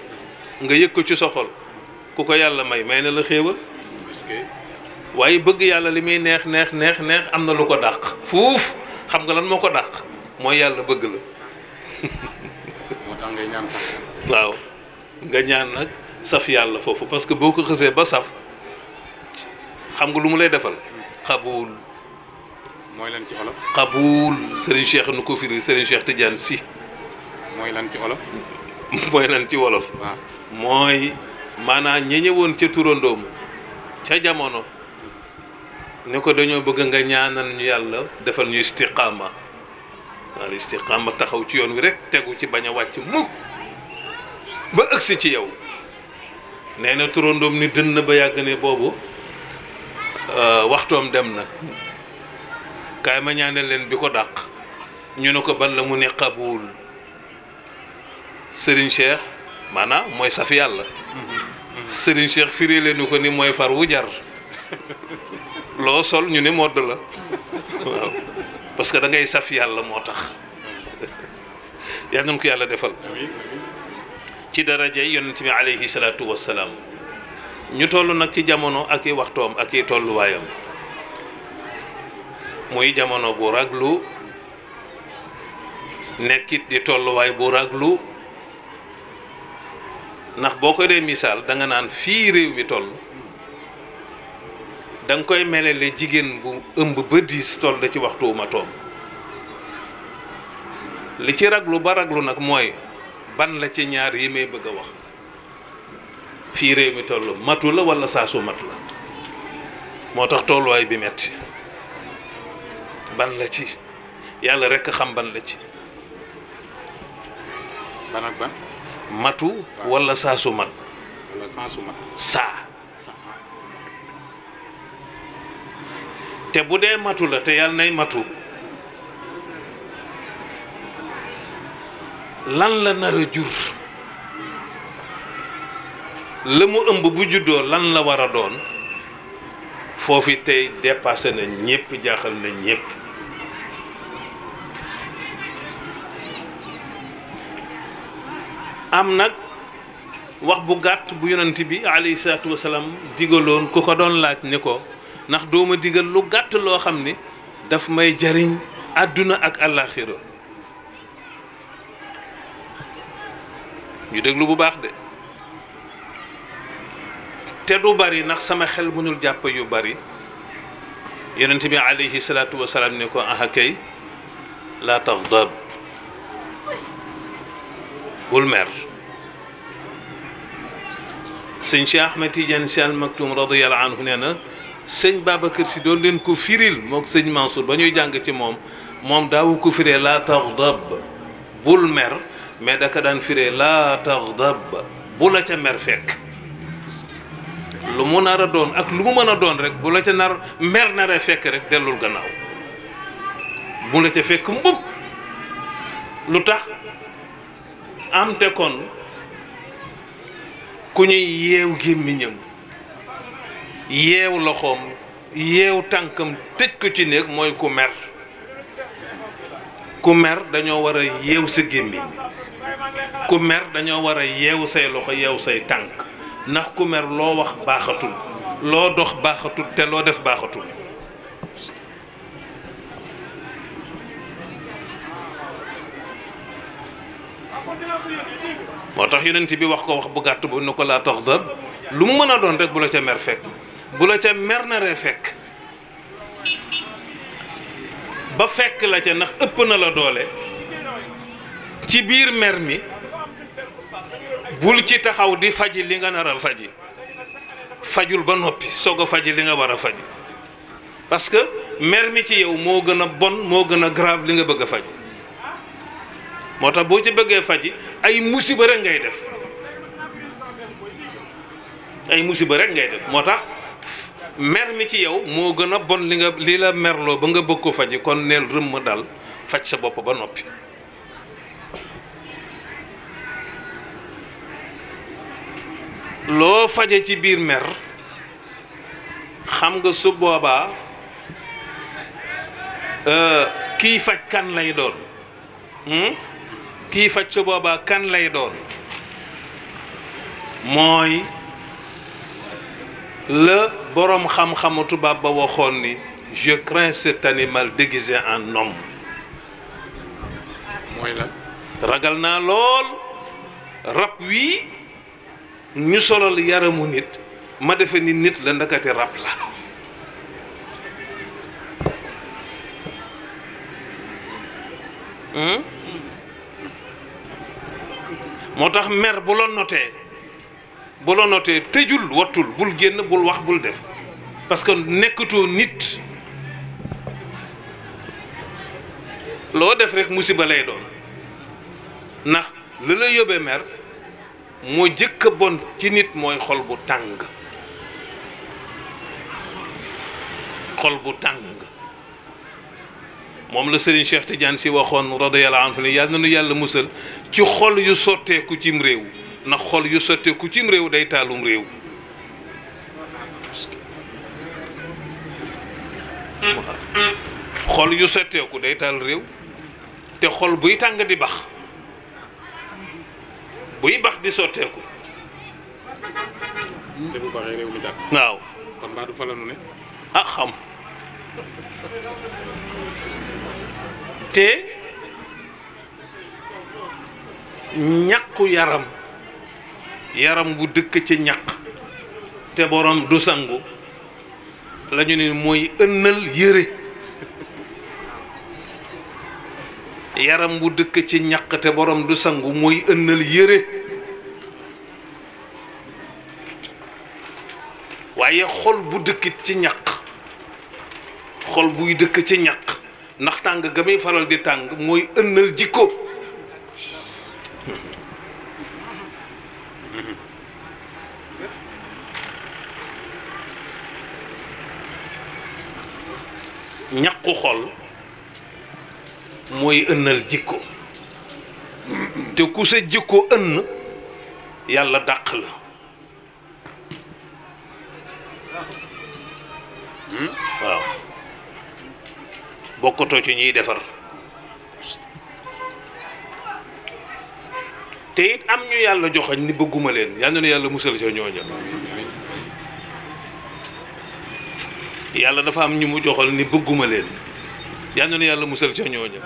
E: nga yek ko ci soxol ku ko yàlla may may na la xewal waye bëgg yalla limay neex neex neex neex amna luko dakk fuf xam nga lan moko dakk dàq yalla bëgg la (laughs) waaw nga ñaan nak saf yalla fofu parce que boko xese ba saf xam nga lu mu lay defal xabuul mooy lan ci olof xabuul Serigne Cheikh nu ko firi Serigne Cheikh Tidiane si mooy lan ci olof mooy lan ci wolof mooy maanaam ñi ñëwoon ca turandoom ca jamono ne ko dañoo bëgg nga ñaanal ñu yàlla defal ñu istiqaama waaw istiqaama taxaw ci yoon wi rek tegu ci bañ a wàcc mukk ba ëgsi ci yow nee na turandoom ni dënn ba yàgg ne boobu Euh, am dem na kay ma ñaanal leen bi dak ñu ne ko ban la mu ne qabul Serigne Cheikh mana moy saf yalla Serigne Cheikh firi leen ko ni moy far wu jar lo sol ñu ne mod la parce que da ngay saf yalla motax yalla ñu ko yalla defal ci darajay yonnati bi alayhi salatu wassalam ñu toll nag ci jamono ak i waxtoom ak i tolluwaayam muy jamono bu raglu nekkit di tolluwaay bu raglu ndax boo ko dee misaal danga naan fii réew mi toll danga koy melale jigéen bu ëmb ba diis toll ci waxtu ma toom li ci raglu ba raglu nag mooy ban la ci ñaar yi may bëgg a wax. fii réew mi toll matu la wala saa su mat la moo tax tolluwaay bi metti ban la ci yàlla rekk xam ban la ci ban matu wala saa su mat saa te bu dee matu la te yàlla nay matu lan la nar a jur la mu ëmb bu juddoo lan la war a doon foofu tey dépassé na ñépp jaaxal na ñépp am nag wax bu gàtt bu yonent bi alayhi salaatu wasalaam digaloon ku ko doon laaj ni ko ndax dooma digal lu gàtt loo xam ni dafa may jariñ àdduna ak àllaaxira ñu déglu bu baax de te du bari ndax sama xel mënul jàpp yu bari yonent bi alayhi salaatu wasalaam ne ko aha kay laa taxdab bul mer sëñ Cheikh Ahmed Tidiane Sy Al Maktoum radiyallahu anhu nee na sëñ Babacar Sy doon leen ko firil mook sëñ Mansour ba ñuy jàng ci moom moom daawu ko firee laa taxdab bul mer mais daka daan firee laa taxdab bu ca mer fekk lu mu nar a doon ak lu mu mën a doon rek bu la ca nar mer nare fekk rek dellul gannaaw bu la ca fekk mbub lu tax am kon ku ñuy yeew gémmiñam yeew loxoom yeew tànkam tëj ko ci néeg mooy ku mer ku mer dañoo wara yeew sa gémmiñ ku mer dañoo war a yeew say loxo yeew say tànk ndax ku mer loo wax baaxatul loo dox baaxatul te loo def baaxatul moo tax yonent bi wax ko wax bu gàtt bu ne ko laa tax dab lu mu mën a doon rek bu la ca mer fekk bu la mer naree fekk ba fekk la ca ndax ëpp na la doole ci biir mer mi bul ci taxaw di faji li nga nar a faji fajul ba noppi soog a faji li nga war a faji parce que mer mi ci yow moo gën a bon moo gën a grave li nga bëgg a faji moo tax boo ci bëggee faji ay musiba rek ngay def ay musiba rek ngay def moo tax mer mi ci yow moo gën a bon li nga li la merloo ba nga bëgg ko faji kon neel rëmm dal faj sa bopp ba noppi lo faje ci bir mer xam nga su euh ki faj kan lay doon hmm? ki faj su boba kan lay doon moy le borom xam je crains cet animal déguisé en homme Moi la ragal lol rap ñu solal yaramu nit ma defe ni nit la ndakati rap la hmm? motax mer bu lo noté bu lo noté tejul watul bul genn bul wax bul def parce que nekato nit lo def rek musiba lay doon ndax lu la mer moo jëkk a bon ci nit mooy xol bu tàng xol bu tàng moom la Serigne Cheikh Tidiane si waxoon radiyallahu anhu ne yàlla na nu yàlla musal ci xol yu sotteeku cim réew ndax xol yu sotteeku cim réew day taalum réew xol yu sotteeku day taal réew te xol buy tàng di bax buy bax di sotteeku. te
C: waaw.
E: kon ah, xam te ñàkku yaram yaram bu dëkk ci ñàq te borom du sangu la ñu ne mooy ënnal yëre. yaram bu dëkk ci ñaq te borom du sangu mooy ënnal yére waaye xol bu dëkkit ci ñaq xol buy dëkk ci ñaq ndax tàng ga muy faral di tàng mooy
C: ënnal jikko
E: ñaqu xol mooy ënnal jikko te ku sa jikko ënn yàlla dàq la hmm? waaw bokkatoo ci ñuy defar te it am ñu yàlla joxañ ni bëgguma leen yal yàlla musal sa ñooña yàlla dafa am ñu mu joxal ni bëgguma leen yal yàlla musal ca ñooñu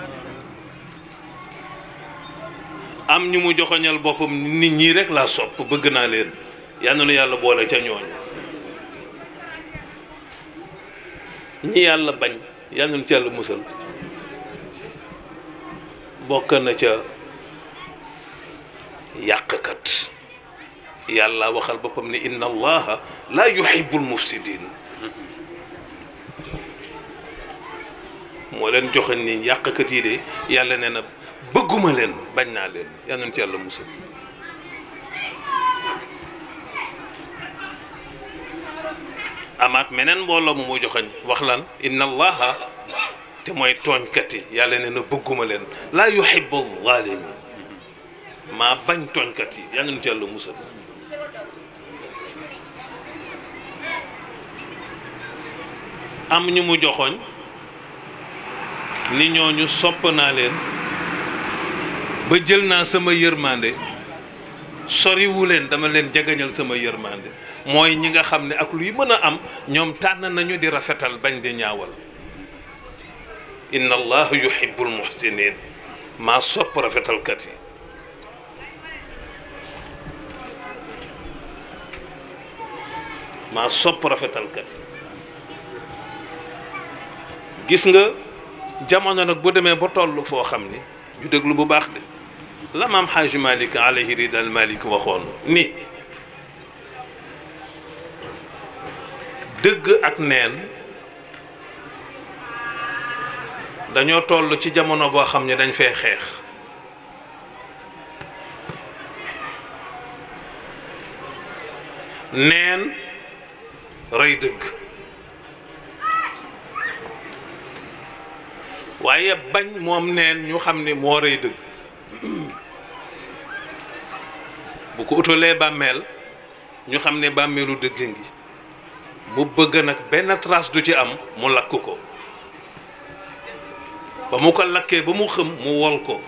E: am ñu mu joxoñal boppam nit ñii rek laa sopp bëgg naa leen yal yàlla boole ca ñooñu ñi yàlla bañ yal na nu yàlla musal bokk na ca yàqkat yàlla waxal boppam ni inna allaha laa yuhibbul mufsidin moo leen joxe ni yàqkat yii de yàlla nee na bëgguma leen bañ naa leen yal nañu ci yàlla musal amaat meneen mbooloo mu muy joxeñ wax lan inna allaha te mooy tooñkat yi yàlla nee na bëgguma leen laa yuhibbu zalimin maa bañ tooñkat yi yal nañu musal am ñu mu joxoñ ni ñooñu sopp naa leen ba jël naa sama yërmande soriwu leen dama leen jagañal sama yërmande mooy ñi nga xam ne ak luy mën a am ñoom tànn nañu di rafetal bañ di ñaawal inna allah yuhibbul muhsinin maa sopp rafetalkat maa sopp rafetalkat gis nga jamono nak bu deme ba tollu fo xamni ñu déglu bu baax de la mam xaaju malik alayhi ridal malik waxoon ni deug ak neen dañoo tollu ci jamono bo xamni dañ fay xex neen ray deug waaye bañ moom neen ñu xam ni moo rëy dëgg bu ko utalee bàmmeel ñu xam ne bàmmeelu dëgg ngi mu bëgg nag benn trace du ci am mu lakk ko ba mu ko lakkee ba mu xëm mu wol ko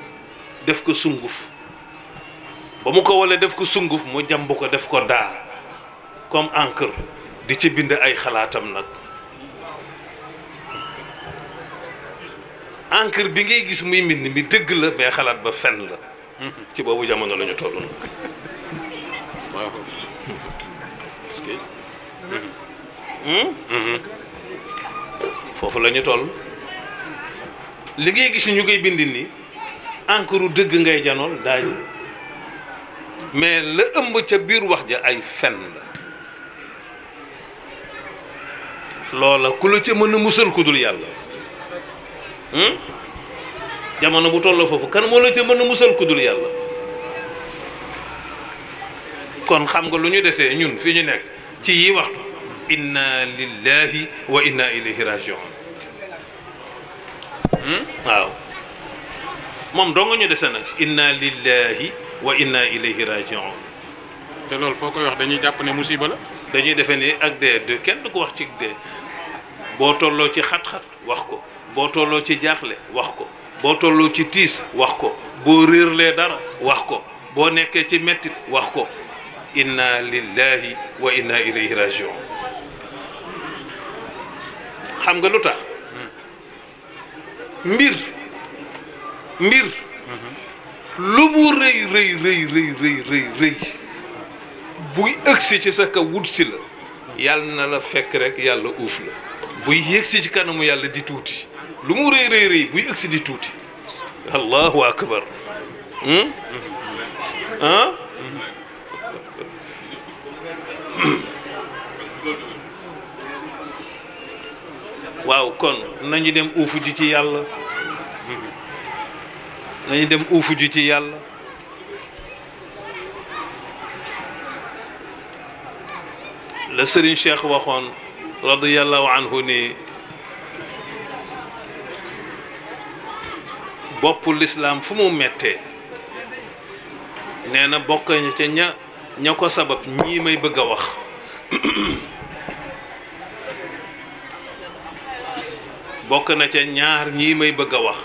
E: def ko sunguf ba mu ko wolee def ko sunguf mu jàmb ko def ko daa comme encre di ci bind ay xalaatam nag encre bi ngay gis muy mbind mi dëgg la mais xalaat ba fenn la ci boobu jamono lañu ñu nag hmm? foofu la ñu toll li ngay gis ñu koy bind ni encre dëgg ngay janool daaji mais la ëmb ca biir wax ja ay fenn la loola ku la ca mën a musal ku yàlla Hmm? jamono bu tolloo foofu kan moo la ca mën a musal ku yàlla kon xam nga lu ñu desee ñun fi ñu nekk ci yi waxtu inna lillahi wa inna ilayhi rajiun hmm? waaw moom dong ñu dese nag inna lillahi wa inna ilayhi rajiun te loolu foo koy wax dañuy jàpp ne musiba la dañuy defe ni ak dee de kenn du ko wax ci dee boo tolloo ci xat-xat wax ko boo tolloo ci jaaxle wax ko boo tolloo ci tiis wax ko boo réerlee dara wax ko boo nekkee ci mettit wax ko inna lillahi wa inna ilayhi rajiun xam nga lu tax mbir mbir lu mu rëy rëy rëy rëy rëy buy ëgsi ci sa kaw wut si la yàlla na la fekk rek yàlla uuf la buy yëgsi ci kanamu yàlla di tuuti lu mu rëy bu rëy buy ëgsi di tuuti allahu akbar ah waaw kon nañu dem uufu ji ci yàlla nañu dem uufu ji ci yàlla la sëriñ Cheikh waxoon radiyallahu anhu ni boppu lislaam fu mu mettee nee na bokk ca ña ña ko sabab ñii may bëgg wax (coughs) bokk na ca ñaar ñii may bëgg a wax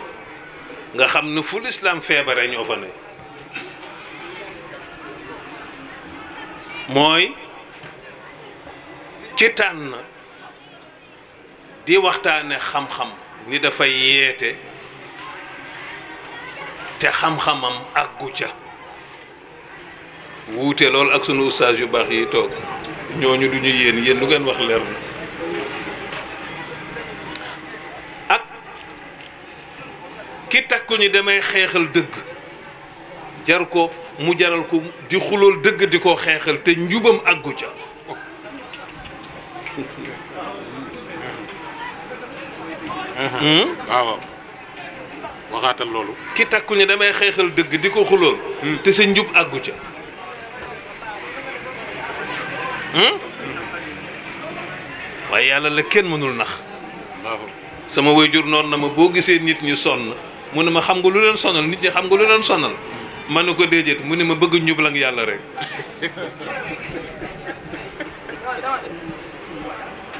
E: nga xam ne fu lislaam feebare ñoo fa ne mooy ci tànn di waxtaane xam-xam ni dafay yeete te xam-xamam àggu ca wuute lool ak sunu ustaas yu baax yi toog ñooñu du ñu yéen yéen lu ngeen wax leer na ak ki takku ñi damay xeexal dëgg jar ko mu jaral ko di xulool dëgg di ko xeexal te njubam àggu ca
C: hmm? waxatal lolu ki
E: takku ni damay xexal deug diko xulol hmm. te se njub aggu ca hmm way yalla la kenn munul nax sama wayjur non na ma bo gisee nit ñi son mu ne ma xam nga lu leen sonal nit ñi xam nga lu leen sonal ma ne ko déedéet mu ne ma bëgg njub lang yàlla rek (laughs)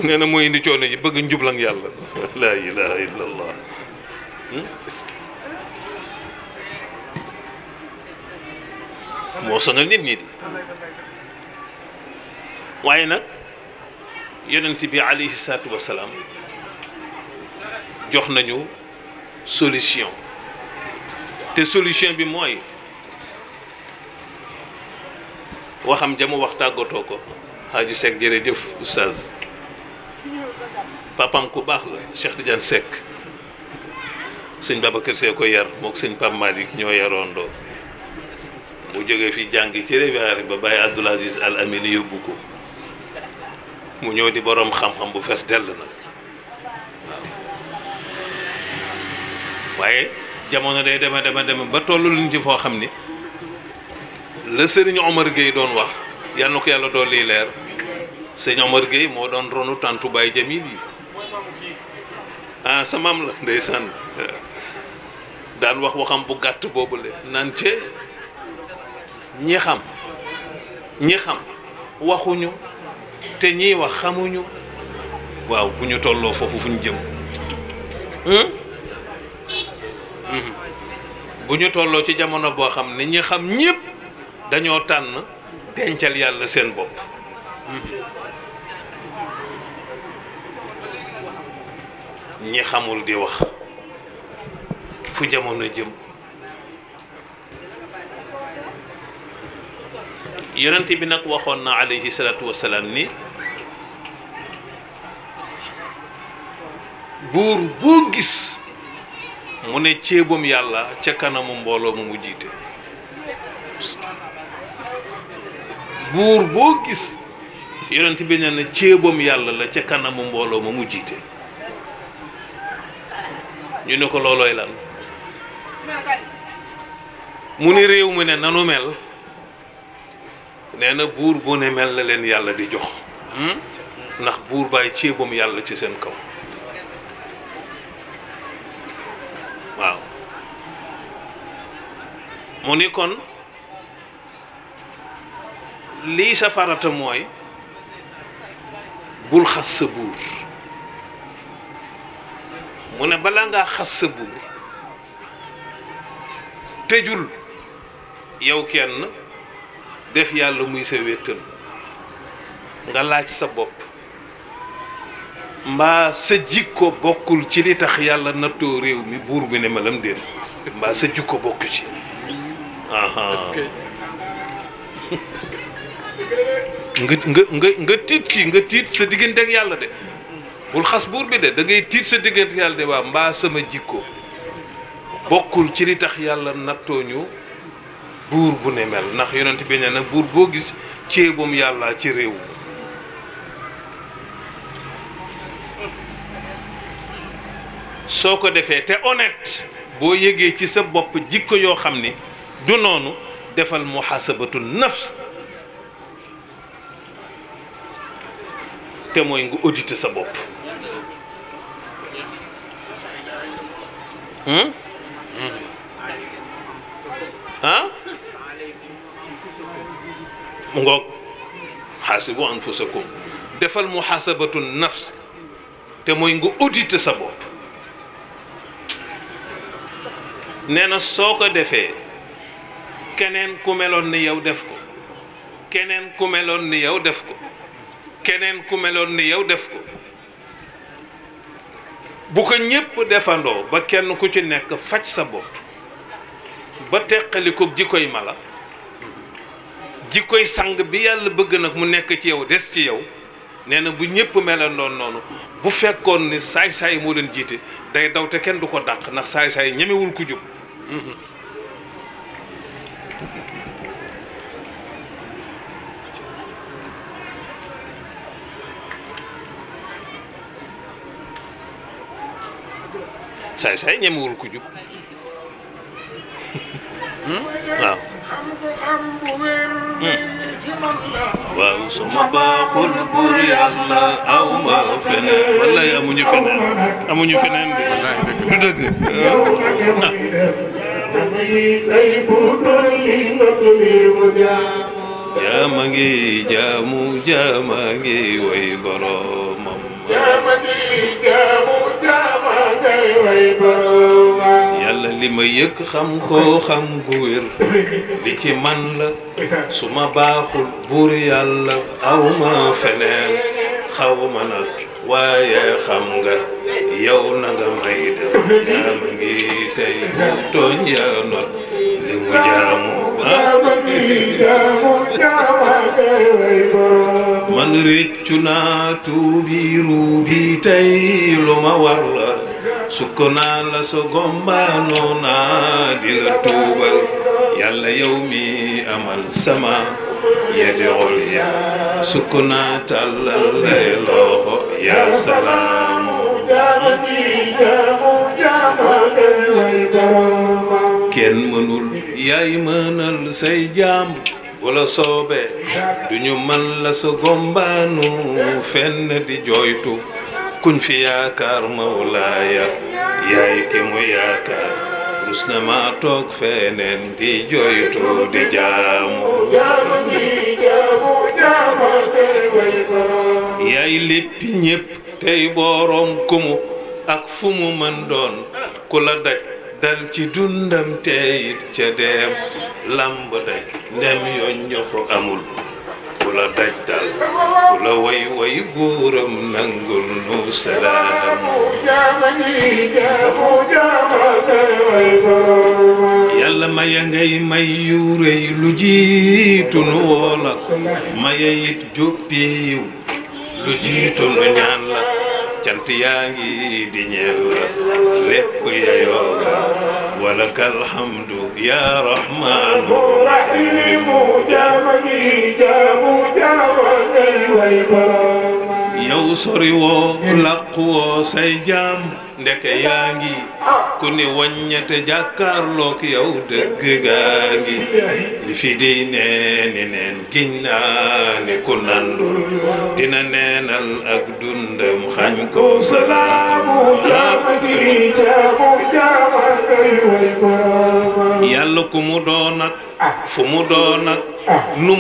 E: nee moy indi coono ji bëgg ñub la ng yalla (laughs) la ilaha illallah hmm? moo sonal nit ñi di waaye nag yonent bi alayhi salaatu wasalaam jox nañu solution te solution bi mooy waxam jamu wax tàggatoo ko xaaju Seck jërëjëf oustaz papam ku baax la Cheikh Tidiane Seck sëñ kër see ko yar mook sëñ Pape Malick ñoo yaroondoo bu joge fi jàngi ci réewi arab ba baye abdul Aziz Al Amine yobuko mu ñëw di borom xam-xam bu fess del na waye jamono day dem dem dem ba tollu luñ ci fo xamni le serigne Omar gey doon wax yalla ko yàlla dolli leer serigne Omar gey mo doon ronu tantu Baye Jamil
B: yi
E: ah sa mam la ndeysaan daan wax waxam bu gatt boobu le naan ñi xam ñi xam waxuñu te ñiy wax xamuñu waaw bu ñu tolloo foofu fu ñu jëm hmm? Hmm. bu ñu tolloo ci jamono boo xam ne ñi xam ñépp dañoo tànn dencal yàlla seen bopp hmm. ñi xamul di wax fu jamono jëm yonent bi nag waxoon na alayhi salaatu wasalaam ni buur boo gis mu ne ceebam yàlla ca kanamu mbooloo mu mu jiite boo gis yonent bi nee na yàlla la ca kanamu mbooloo ma mu jiite ñu ne ko loolooy lan mu ni réew mu ne nanu mel nee na buur bu ne mel na leen yàlla di jox hmm? ndax buur bàyyi ceebam yàlla ci seen kaw waaw mu ni kon lii safarata mooy bul xas sa buur mu ne balaa ngaa xas sa buur tëjul yow kenn def yàlla muy sa wéttal nga laaj sa bopp mbaa sa jikko bokkul ci li tax yàlla nattoo réew mi buur bi ne malam déet mbaa sa jikko bokku ci nga nga nga tiit ci nga tiit sa diggante ak yàlla de bul xas buur bi de da ngay tiit sa diggante yàlla de waa mbaa sama jikko bokkul ci li tax yàlla nattoo ñu buur bu ne mel ndax yonent bi nee na buur boo gis ceebam yàlla ci réew soo ko defee te honnête boo yëgee ci sa bopp jikko yoo xam ne du noonu defal muhasabatu nafs te mooy nga auditer sa bopp ah mu ngoog xaasibu anfusakum defal muhaasabatu nafs te mooy nga auditer sa bopp nee na soo ko defee keneen ku meloon ni yow def ko keneen ku meloon ni yow def ko keneen ku meloon ni yow def bu ko ñépp defandoo ba kenn ku ci nekk faj sa bopp ba teqali ko koy mala jikkoy sang bi yàlla bëgg nag mu nekk ci yow des ci yow nee na bu ñëpp melandoon noonu bu fekkoon ni saay-saay moo leen jiite day daw kenn du ko dàq ndax saay-saay ñemewul ku jub saay jub (laughs) hmm? waaw waaw sama baaxul buur yàlla aw ma feneen wallaay amuñu feneen amuñu feneen bi wallaay du dëgg euh, jaama ngi jaamu jaama ngi way boromam jaama
C: ngi jaamu jaama ngi way
E: li ma yëg xam koo xam gu li ci man la su ma baaxul buur yàlla aw feneen xaw nag waaye xam nga yow na nga may def jaama ngi tey mu tooñ yaa not li mu jaamu man réccu naa tuubi ruubi tey lu ma war la sukk naa la sa gombaanoo naa di la tuubal yàlla yow mi amal sama yeddi xol sukk naa tàllal lay loxo yaa salaamu kenn mënul yay mënal say jaam wala soobe duñu man la sa gombaanu fenn di jooytu kuñ fi yaakaar mawlaaya yaay ki mu yaakaar rus na ma toog feneen di joytu di jaamu yaay léppi ñépp tey booroom kumu ak fu mu mën doon ku la daj dal ci dundam teyit ca deem lamb daj ndem yoon njofru amul ku la daj dal la way buuram nangul nu salaam yàlla maya ngay may yu rëy lu jiitu nu woo la maya it joppi yiw nu ñaan cant yaa ngi di ñeel la lépp yooga walaka alhamdu ya rahmaanu
B: rahiimu jaamani jaamu jaawakay way borom
E: yow sori woo làq say jaam ndeke yaa ngi ku ni waññete jàkkaarlook yow dëgg gaa ngi li fi di neeni neen giñ ku nandul dina neenal ak dundam xañ ko salaam yàlla ku mu doon ak fu mu doon ak nu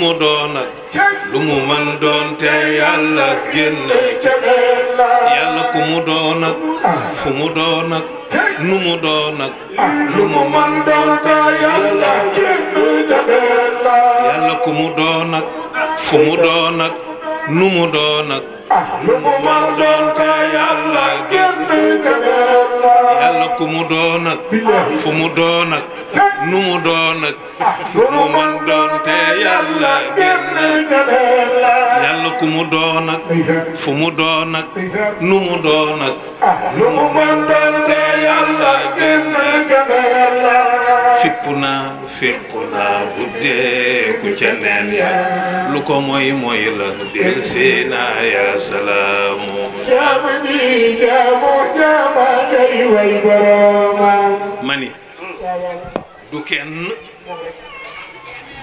E: lu mu mën doon te yàlla génn yàlla ku mu doon mu doon ak nu mu doon ak lu mu man doon te ku mu doon ak fu mu doon nu mu doon ak lu mu man doon te yàlla génn yàlla ku mu doon ak fu mu doon ku mu doon bu dee ku ya lu ko mooy mooy la del see naa ya salaamu
B: jaamu ni jaamu jaama
E: Mani, du kenn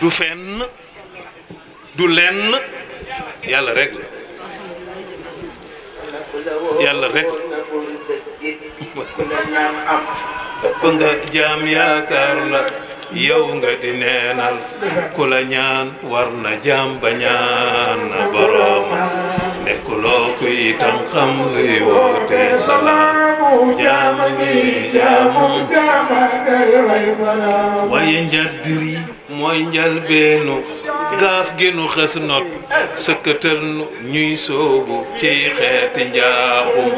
E: du fenn du lenn yalla rek yalla rek ëpp nga jaam yaakaar la yow nga di neenal kula ñaan war na jaam ba ñaan na kuloo kuy tam xam luy woote
B: salaam jaama ngi jaamu waaye
E: njaddir yi mooy njalbeenu gaaf genu nu not sëkkatal nu ñuy soobu ci xeeti njaaxum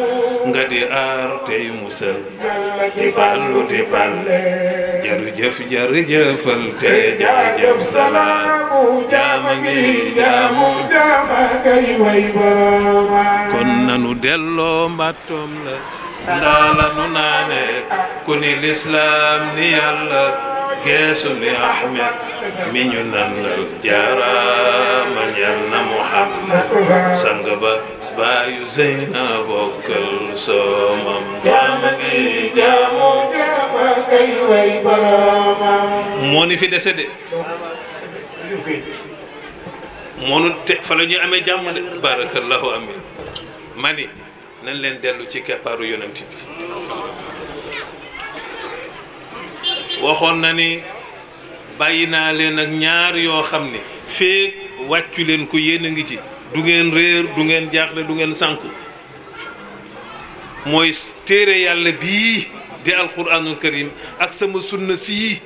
E: nga di aar tey musal
B: di ballu
E: di balle jaru jërëjëfal te jërëjëf salaam jaama ngi jaamu kon nanu delloo mbàttoom la ndaa nu naane ku ni lislaam ni yàlla geesu li ahmed mi ñu nandal jaaraama ñal na muhammad sang baayu zeyna bokkal soomam jaama gi
B: jaamu jaama kay way baraamam moo
E: ni fi dese de moo nu te amee jàmm barakallahu amin mani nañ leen dellu ci keppaaru yonent bi waxoon na ni bàyyi naa leen ak ñaar yoo xam ni féeg wàccu leen ko yéen a ngi ci du ngeen réer du ngeen jaaxle du ngeen sànku mooy téere yàlla bii di alquranul karim ak sama sunna sii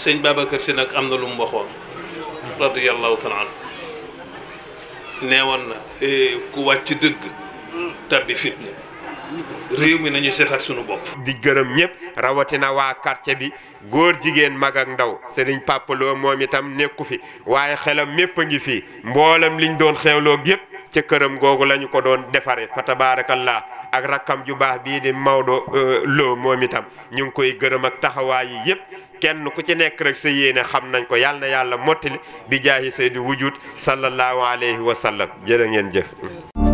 E: sëñ Babacar si nag am na lu mu waxoon radiyallahu taala neewoon na eh, ku wàcc
D: dëgg tabbi fitna réew mi nañu seetaat suñu bopp. di gërëm ñëpp rawatina waa quartier bi góor jigéen mag ak ndaw Serigne Papa Lo moom itam nekku fi waaye xelam mépp a ngi fi mboolam liñ doon xewloo yëpp ca këram googu lañu ko doon defaree fa tabaarakallah ak rakkam ju baax bii di Maodo euh, Lo moom itam ñu ngi koy gërëm ak taxawaay yi yëpp. kenn ku ci nekk rek sa yéene xam nañ ko yàlla yàlla mottali bi jaahi saydu wujud sallallahu alayhi wa sallam jërë ngeen jëf